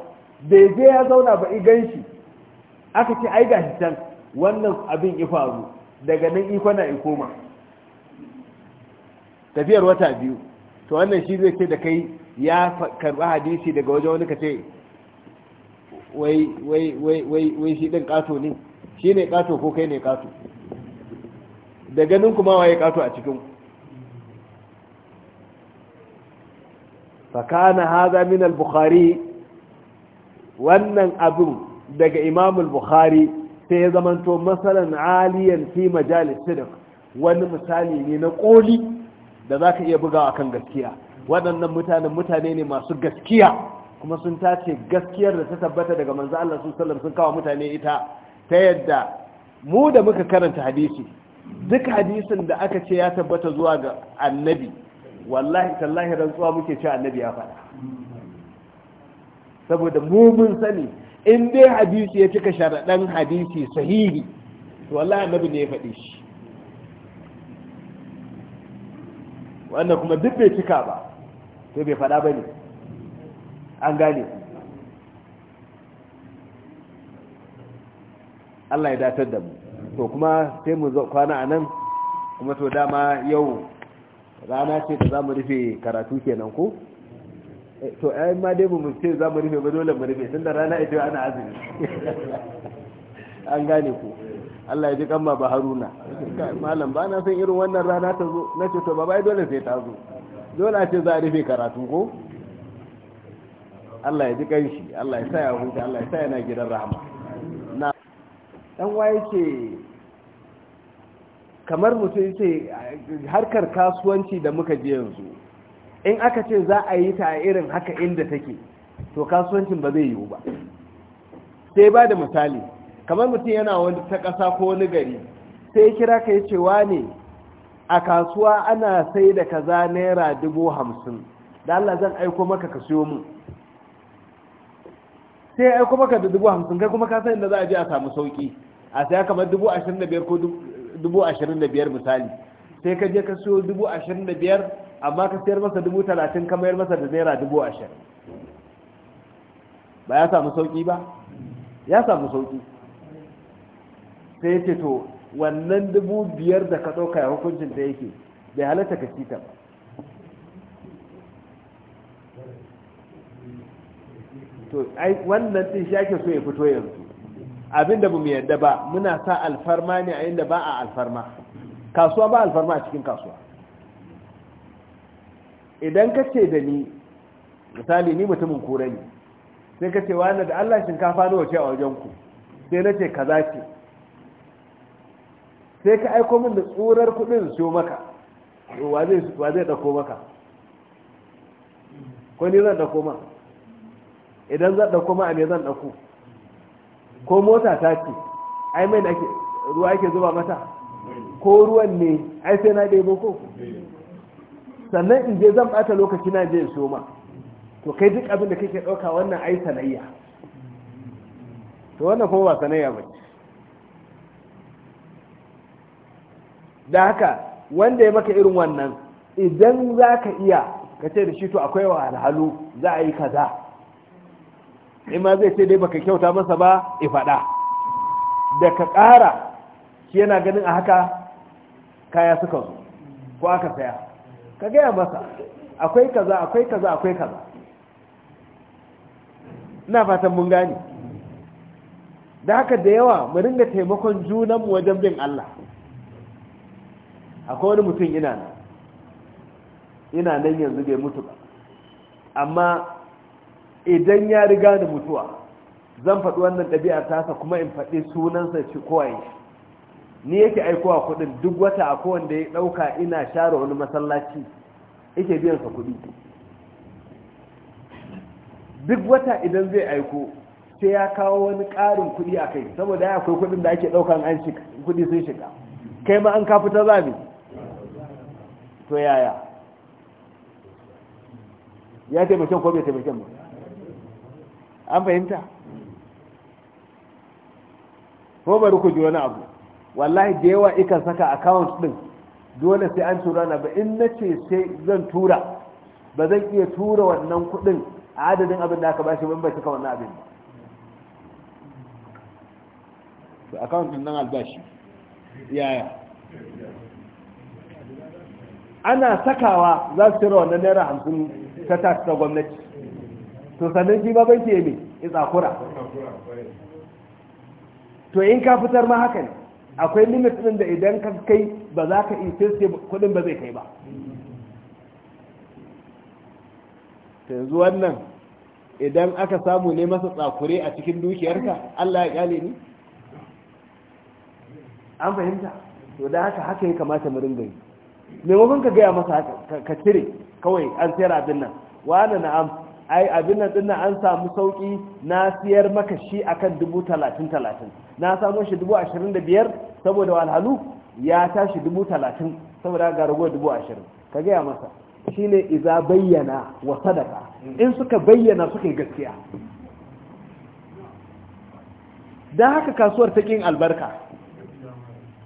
[SPEAKER 1] bai je ya zauna ba igan shi aka ce ai gashi can wannan abin ya faru daga nan ikona ikoma koma tafiyar wata biyu to wannan shi zai ce da kai ya karba hadisi daga wajen wani ka ce wai shi ɗin ƙato ne shi ne ƙato ko kai ne ƙato da ganin kuma waye ƙato a cikin fakana haza min al-bukhari wannan abin daga imam al-bukhari sai ya zamanto masalan aliyan fi majalis sidq wani misali ne na koli da za ka iya bugawa kan gaskiya waɗannan mutanen mutane ne masu gaskiya kuma sun tace gaskiyar da ta tabbata daga manzo Allah su sun kawo mutane ita ta yadda mu da muka karanta hadisi duk hadisin da aka ce ya tabbata zuwa ga annabi wallahi tallahi rantsuwa muke ce annabi ya faɗa saboda mu mun sani in dai hadisi ya cika sharaɗan hadisi sahihi to wallahi annabi ne ya faɗi shi wannan kuma duk bai cika ba sai bai faɗa ba ne an gane Allah ya datar da mu to kuma sai mu kwana a nan kuma to dama yau rana ce da za mu rufe karatu kenan ko eh, to ayan ma dai mu ce za mu rufe ba dole mu rufe tunda rana ita ana azumi
[SPEAKER 2] <laughs>
[SPEAKER 1] an gane ku Allah ya ji kan ba haruna malam ba na san irin wannan rana ta zo na ce to ba bai dole sai ta zo dole ce za a rufe karatu ko Allah ya ji kanshi Allah ya sa ya Allah ya sa yana gidan rahama na dan waye ce kamar mutum ce harkar kasuwanci da muka je yanzu in aka ce za a yi ta a irin haka inda take to kasuwancin ba zai yiwu ba sai ba da misali kamar mutum yana wani ta ƙasa ko wani gari sai kira ka yi cewa ne a kasuwa ana sai da kaza naira dubu hamsin da Allah zan aiko maka ka siyo mu sai ya aiko maka da dubu hamsin kai kuma ka san da za a je a samu sauki a saya kamar dubu ashirin da biyar ko dubu ashirin da biyar misali sai ka je ka siyo dubu ashirin da biyar amma ka siyar masa dubu talatin ka mayar masa da naira dubu ashirin ba ya samu sauki ba ya samu sauki sai ce to wannan dubu biyar da ka ɗauka ya hukuncin ta yake bai halatta ka cita ba to ai wannan din shi ake so ya fito yanzu Abin da mu yadda ba muna sa alfarma ne a inda ba a alfarma kasuwa ba alfarma a cikin kasuwa idan ka ce da ni misali ni mutumin kura ne sai ka ce wani da allah shinkafa nawa ce a wajenku sai na ce ka za ce sai ka aiko min da tsurar kuɗin su maka wa zai ɗauko maka ko ni zan ɗauko ma idan zan ɗauko ma a me zan ɗauko ko mota ta ce ai mai ake ruwa ake zuba mata ko ruwan ne ai sai na ɗebo ko sannan in je zan ɓata lokaci na je in siyo ma to kai duk abin da kake ɗauka wannan ai sanayya to wannan kuma ba sanayya ba da haka wanda ya maka irin wannan idan za ka iya ka ce da shi to akwai wahalhalu za a yi kaza in ma zai ce dai baka kyauta masa ba i faɗa da ka ƙara shi yana ganin a haka kaya suka zo ko aka saya ka gaya masa akwai kaza akwai kaza akwai kaza ina fatan mun gane da haka da yawa mu ringa taimakon junanmu wajen bin Allah akwai wani mutum ina nan ina nan yanzu bai mutu ba amma idan ya riga da mutuwa zan faɗi wannan ɗabi'ar tasa kuma in faɗi sunansa ci kowai ni yake aikowa kuɗin duk wata a kowanda ya ɗauka ina share wani masallaci yake biyansa kuɗi duk wata idan zai aiko sai ya kawo wani ƙarin kuɗi a kai saboda ya akwai kuɗin da ake ɗaukan an shiga kuɗi sun shiga kai ma an ka fita zami to yaya ya taimakon ko bai taimakon ba an fahimta ko bari ku ji wani abu wallahi da yawa ikan saka account din dole sai an tura na ba in na ce sai zan tura ba zan iya tura wannan kudin a adadin abin da aka bashi ba bai cika wannan abin ba account din nan albashi yaya ana sakawa za su cire wannan naira hamsin ta tax ta gwamnati to sannan shi ma banki ya mai tsakura to in ka fitar ma haka ne akwai limit ɗin da idan ka kai ba za ka iya sai kuɗin ba zai kai ba to yanzu wannan idan aka samu ne masa tsakure a cikin dukiyarka Allah ya kyale ni an fahimta to da haka haka ya kamata mu ringa yi maimakon ka gaya masa ka cire kawai an sayar abin nan wani na'am ai abin nan dinnan an samu sauki na siyar maka shi akan dubu talatin talatin na samu shi dubu ashirin da biyar saboda walhalu ya tashi dubu talatin saboda ga ragowar dubu ashirin ka gaya masa shine iza bayyana wa sadaka in suka bayyana suka yi gaskiya don haka kasuwar ta kin albarka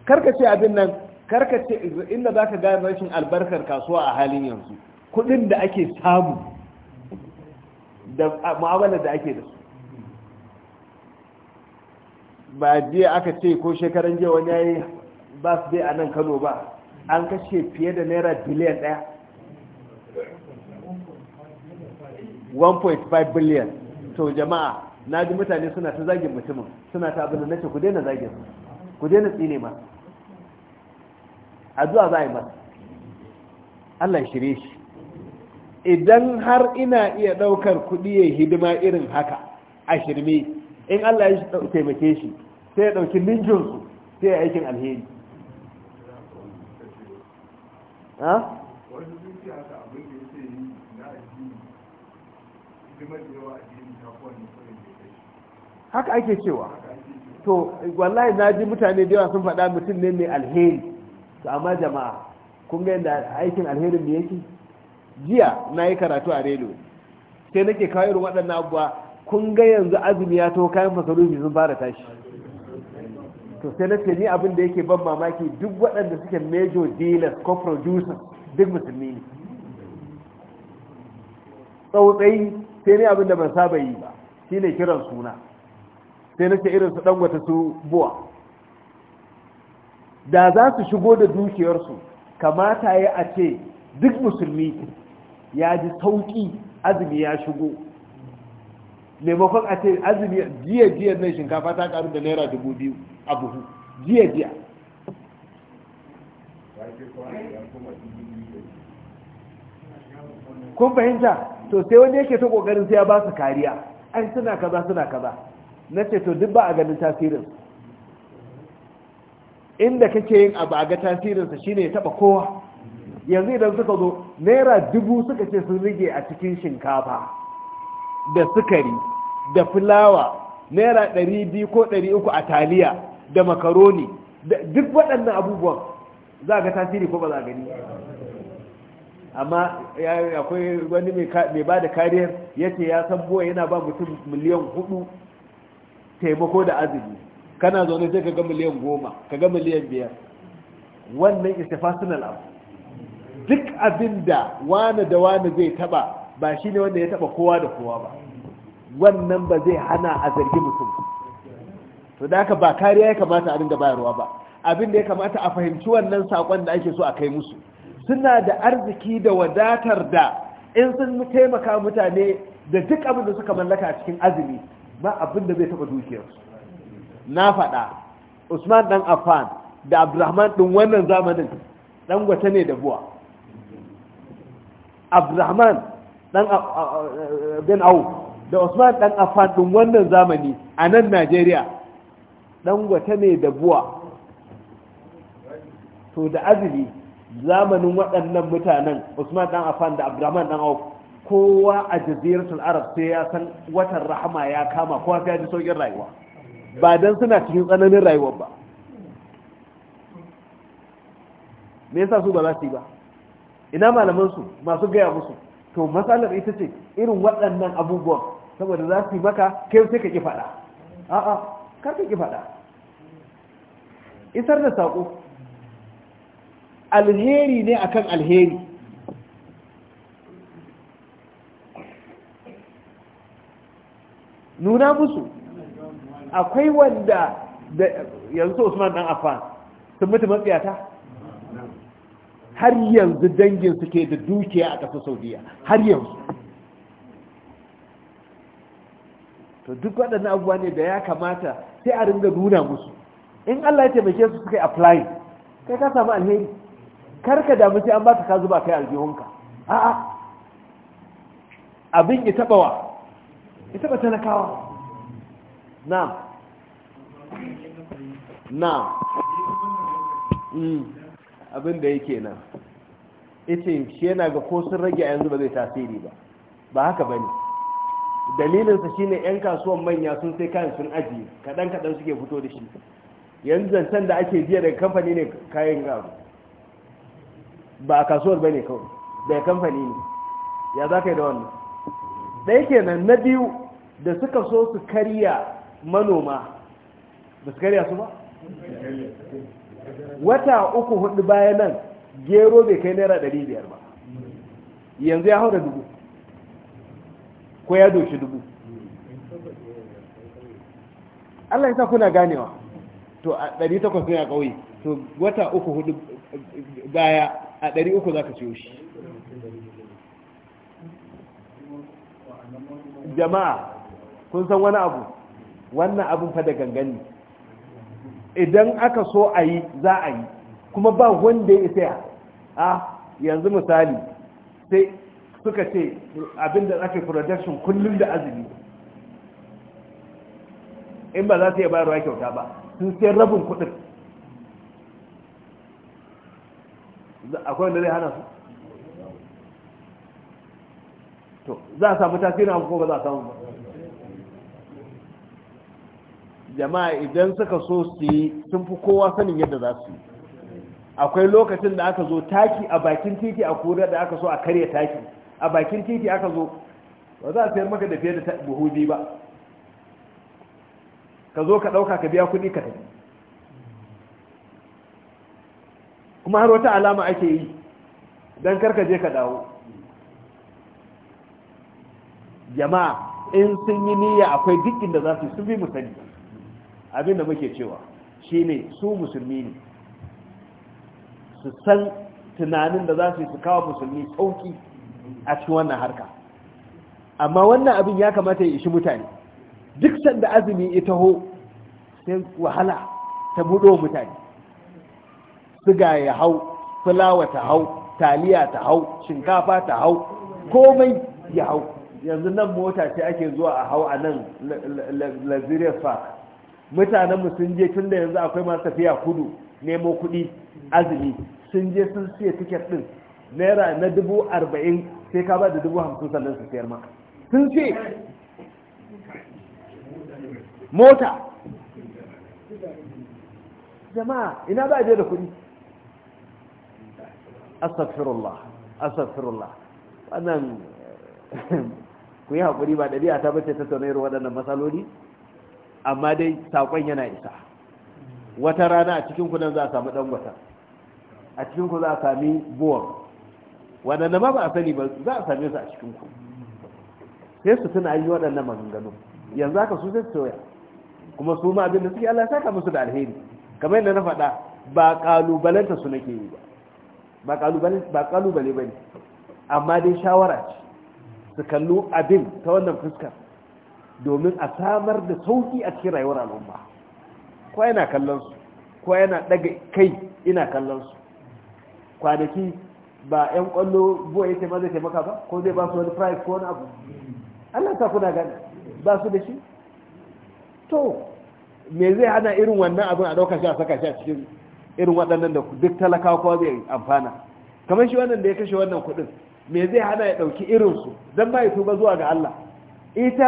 [SPEAKER 1] karka ce abin nan karka ce inda za ka gane rashin albarkar kasuwa a halin yanzu kudin da ake samu da mu'amalar da ake da su ba jiya aka ce ko shekaran jiya wani ya yi ba su dai a nan kano ba an kashe fiye da naira biliyan daya 1.5 biliyan to jama'a na ji mutane suna ta zagin mutumin suna ta abin da nace ku daina zagin ku daina tsine ma. addu'a za a yi masa Allah shirye shi idan har ina iya ɗaukar kuɗi ya hidima irin haka a shirme in Allah ya shi taimake shi sai ya ɗauki ninjinsu sai ya aikin alheri haka ake cewa to wallahi na ji mutane da yawa sun faɗa mutum ne mai alheri su amma jama'a kun ga yadda aikin alherin da yake jiya na yi karatu a rediyo sai nake kawo irin waɗannan abubuwa kun ga yanzu azumi ya to kayan masarufi sun fara tashi to sai na ni abin da yake ban mamaki duk waɗanda suke major dealers ko producers duk musulmi ne tsautsayi sai ne abin da ban saba yi ba shine kiran suna sai nake ce irin su dangwata su buwa da za su shigo da dukiyarsu kamata ya a ce duk musulmi ya ji sauƙi azumi ya shigo maimakon a ce azumi jiya-jiya na shinkafa ta karu da naira dubu biyu a buhu jiya-jiya kun fahimta to sai wani yake ta kokarin sai ya ba su kariya an suna kaza suna kaza na ce to duk ba a ganin tasirinsu inda kake yin abu a ga tasirinsa shine ya taba kowa yanzu idan suka zo naira dubu suka ce sun rige a cikin shinkafa da sukari da fulawa naira ɗari biyu ko ɗari uku a taliya da makaroni duk waɗannan abubuwan za ga tasiri ko ba za gani amma akwai wani mai ba da kariyar ya ce ya san boye yana ba mutum miliyan hudu taimako da azumi kana zaune sai ka ga miliyan goma ka ga miliyan biyar wannan istifasinal abu duk abin da wane da wane zai taba ba shi ne wanda ya taba kowa da kowa ba wannan ba zai hana a zargi mutum to da haka ba kariya ya kamata a dinga bayarwa ba abin da ya kamata a fahimci wannan sakon da ake so a kai musu suna da arziki da wadatar da in sun taimaka mutane da duk abin da suka mallaka cikin azumi ba abin da zai taba dukiyarsu na faɗa usman ɗan Afan da abdurrahman ɗin wannan zamanin ɗan gwata ne da buwa abdurrahman ɗan uh, uh, bin au da usman ɗan Afan ɗin wannan zamani a nan najeriya ɗan gwata ne da buwa to da azumi zamanin waɗannan mutanen usman ɗan Afan da abdurrahman ɗan au kowa a jaziratul arab sai ya san watan rahama ya kama kowa sai ya ji saukin rayuwa ba don suna cikin tsananin rayuwar ba me yasa su ba za su yi ba ina malaman su masu gaya musu to matsalar ita ce irin waɗannan abubuwan saboda za su yi maka kai sai ka ki faɗa a'a kar ka ki faɗa isar da saƙo alheri ne akan alheri nuna musu akwai wanda yanzu Usman dan Affan sun mutu matsiyata har yanzu dangin suke da dukiya a kasar Saudiya har yanzu to duk waɗannan abubuwa ne da ya kamata sai a ringa nuna musu in Allah ya taimake su suka yi apply kai ka samu alheri kar ka damu sai an baka ka zuba kai aljihunka a'a abin ya taba wa ya taba talakawa Na, na, hmm. abin da yake nan ita shi yana ga ko sun rage a yanzu ba zai tasiri ba ba haka ba ne dalilinsa shi ne 'yan kasuwan manya sun sai kayan sun ajiye kadan-kadan suke fito da shi yanzu zancen da ake biya daga kamfani ne kayan gano, ba a kasuwar ba ne kawai daga kamfani ne ya za ka yi da wannan ɗaya kenan na biyu da suka so su karya manoma ba su karya su ba wata uku hudu bayan nan gero bai kai naira ɗari biyar ba yanzu ya hau da dubu ko ya doshi dubu Allah ya sa kuna ganewa to a ɗari takwas ne a ƙauye to wata uku hudu baya a ɗari uku za ka ciyo shi jama'a kun san wani abu wannan abin fa da ne idan aka so a yi za a yi kuma ba wanda ya isa a yanzu misali sai suka ce abin da ake production kullum da azumi in ba za su iya bayarwa kyauta ba sun sayar rabin kudin akwai wanda zai hana su to za a samu tasirin abu ko ba za a samu ba jama'a idan suka so su yi sun fi kowa sanin yadda za su yi akwai lokacin da aka zo taki a bakin titi a kura da aka so a karya taki a bakin titi aka zo ba za a sayar maka da fiye da buhudi ba ka zo ka ɗauka ka biya kuɗi ka tafi kuma har wata alama ake yi don karka je ka dawo jama'a in sun yi niyya akwai duk da za su yi sun fi musamman. abinda muke cewa shine su musulmi ne su san tunanin da za su yi su kawo musulmi sauki a cikin wannan harka amma wannan abin ya kamata ya ishi mutane duk sanda azumi ya taho sai wahala ta buɗo mutane siga ya hau fulawa ta hau taliya ta hau shinkafa ta hau komai ya hau yanzu nan mota ce ake zuwa a hau a nan laziriyar park mutanenmu sun je tun da yanzu akwai masu tafiya kudu nemo kudi, azumi sun je sun siya tiket ɗin naira na dubu arba'in sai ka ba da dubu hamsin sannan su siyar ma. sun ce mota jama'a ina ba je da kuɗi astaghfirullah astaghfirullah wannan ku yi haƙuri ba ɗabi'a ta bace ta tsanayar waɗannan matsaloli amma dai saƙon yana isa wata rana a cikin kudan za a samu wata a cikin ku za a sami buwan waɗanda ma ba a sani ba za a same su a cikin ku sai su tuna yi waɗannan maganganu yanzu haka su sai su soya kuma su ma abin da suke Allah saka musu da alheri kamar yadda na faɗa ba ƙalubalanta su nake yi ba ba ƙalubale ba ne amma dai shawara ce su kallo abin ta wannan fuskar domin a samar da sauki a cikin rayuwar al'umma ko yana kallon su ko yana daga kai ina kallon su kwanaki ba yan kwallo buwa ya ce ma zai taimaka ba ko zai ba su wani price ko wani abu Allah ta kuna gani ba su da shi to me zai hana irin wannan abin a ɗaukar shi a saka shi a cikin irin waɗannan da duk talakawa ko zai amfana kamar shi wannan da ya kashe wannan kuɗin me zai hana ya ɗauki irinsu don ba ya tuba zuwa ga Allah ita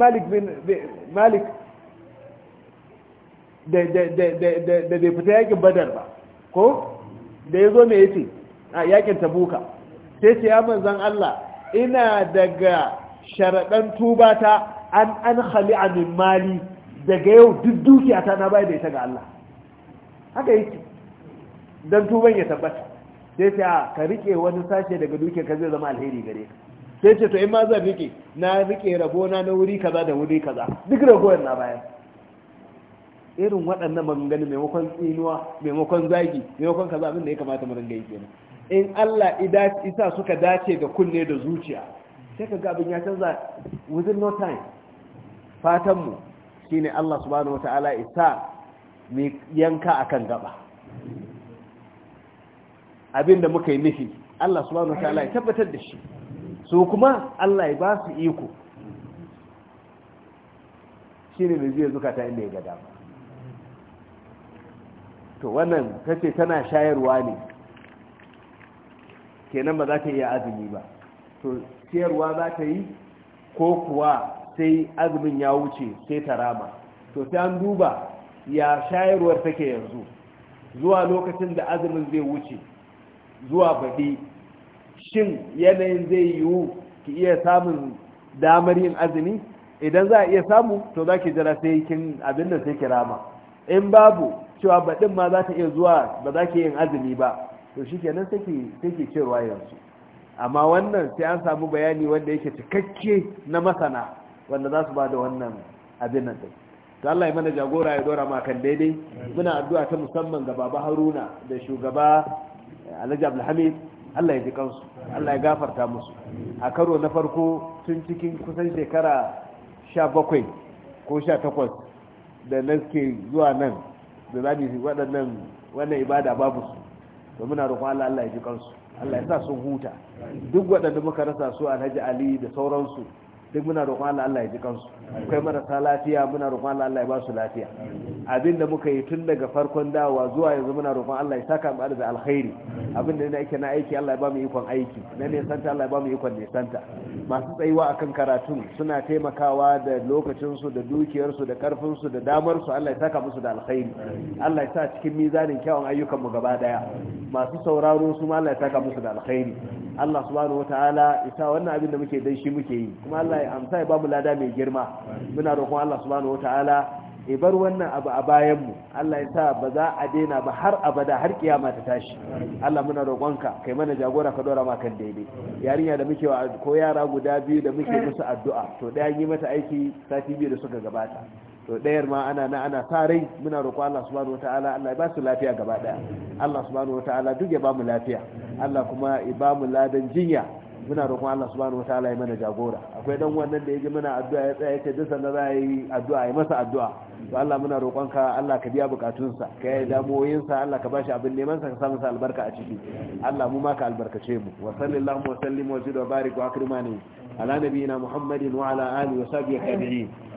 [SPEAKER 1] malik bin malik da bai fita yakin badar ba ko da ya zo mai yace a yakin tabuka sai ce ya manzan Allah ina daga sharaɗan tubata an an khali'a min mali daga yau duk ta na bai da ita ga Allah haka yake dan tuban ya tabbata sai ce a ka rike wani sashe daga dukiya ka zai zama alheri gare ka sai ce to in ma zan rike na rike rabona na wuri kaza da wuri kaza duk ragowar na baya. irin waɗannan gani maimakon tsinuwa maimakon zagi maimakon kaza abin da ya kamata mu ringa yi kenan in Allah isa suka dace da kunne da zuciya sai ka ga abin ya canza within no time fatan mu shine Allah subhanahu wataala isa mai yanka akan gaba abin da muka yi nufi Allah subhanahu wataala ya tabbatar da shi so kuma Allah ya ba su iko shi ne mai zai zukata inda ya ga dama to wannan ta ce tana shayarwa ne kenan ba za ta iya azumi ba to shayarwa za ta yi ko kuwa sai azumin ya wuce sai ta rama to sai an duba ya shayarwar take yanzu zuwa lokacin da azumin zai wuce zuwa baɗi shin yanayin zai yiwu ki iya samun damar yin azumi idan za a iya samu to za ki jira sai kin abin da sai kirama in babu cewa baɗin ma za ta iya zuwa ba za ki yin azumi ba to shi kenan sai ki cewa yanzu amma wannan sai an samu bayani wanda yake cikakke na masana wanda za su ba da wannan abin nan sai. to Allah ya mana jagora ya dora makan daidai muna addu'a ta musamman ga baba Haruna da shugaba Alhaji Abdulhamid Allah ya ji kansu Allah ya gafarta musu a karo na farko tun cikin kusan shekara sha bakwai ko sha takwas da naske zuwa nan da za mu waɗannan wannan ibada babu su to muna roƙon Allah Allah ya ji kansu Allah ya sa sun huta duk waɗanda muka rasa su Alhaji Ali da sauransu duk muna roƙon Allah Allah ya ji kansu akwai marasa lafiya muna roƙon Allah Allah ya ba su lafiya abin da muka yi tun daga farkon dawa zuwa yanzu muna roƙon Allah ya saka mu da alkhairi abin da yake na aiki Allah ya ba mu ikon aiki na ne santa Allah ya ba mu ikon ne santa masu tsayuwa akan karatun suna taimakawa da lokacin su da dukiyar su da karfin su da damar su Allah ya saka musu da alkhairi Allah ya sa cikin mizanin kyawun ayyukan mu gaba daya masu sauraro su ma Allah ya saka musu da alkhairi Allah subhanahu wataala isa wannan abin da muke dan shi muke yi kuma Allah ya amsa ya bamu lada mai girma muna roƙon Allah subhanahu wataala ya bar wannan abu a bayan mu Allah ya sa ba za a daina ba har abada har kiyama ta tashi Allah muna roƙonka kai mana jagora ka dora ma kan daidai yarinya da muke ko yara guda biyu da muke musu addu'a to an yi mata aiki sati biyu da suka gabata to ɗayar ma ana na ana sa rai muna roƙo Allah subhanahu wataala Allah ya ba su lafiya gaba ɗaya Allah subhanahu wataala duk ya ba mu lafiya Allah kuma ya ba mu ladan jinya muna roƙo Allah subhanahu wataala ya mana jagora akwai dan wannan da ya muna addu'a ya tsaya yace dusan da za yi addu'a ya masa addu'a to Allah muna roƙon ka Allah ka biya bukatunsa ka yi damuwoyinsa Allah ka bashi abin neman sa ka samu sa albarka a ciki Allah mu ma ka albarkace mu wa sallallahu wa sallim wa zid wa barik wa akrimani ala nabiyina muhammadin wa ala alihi wa sahbihi ajma'in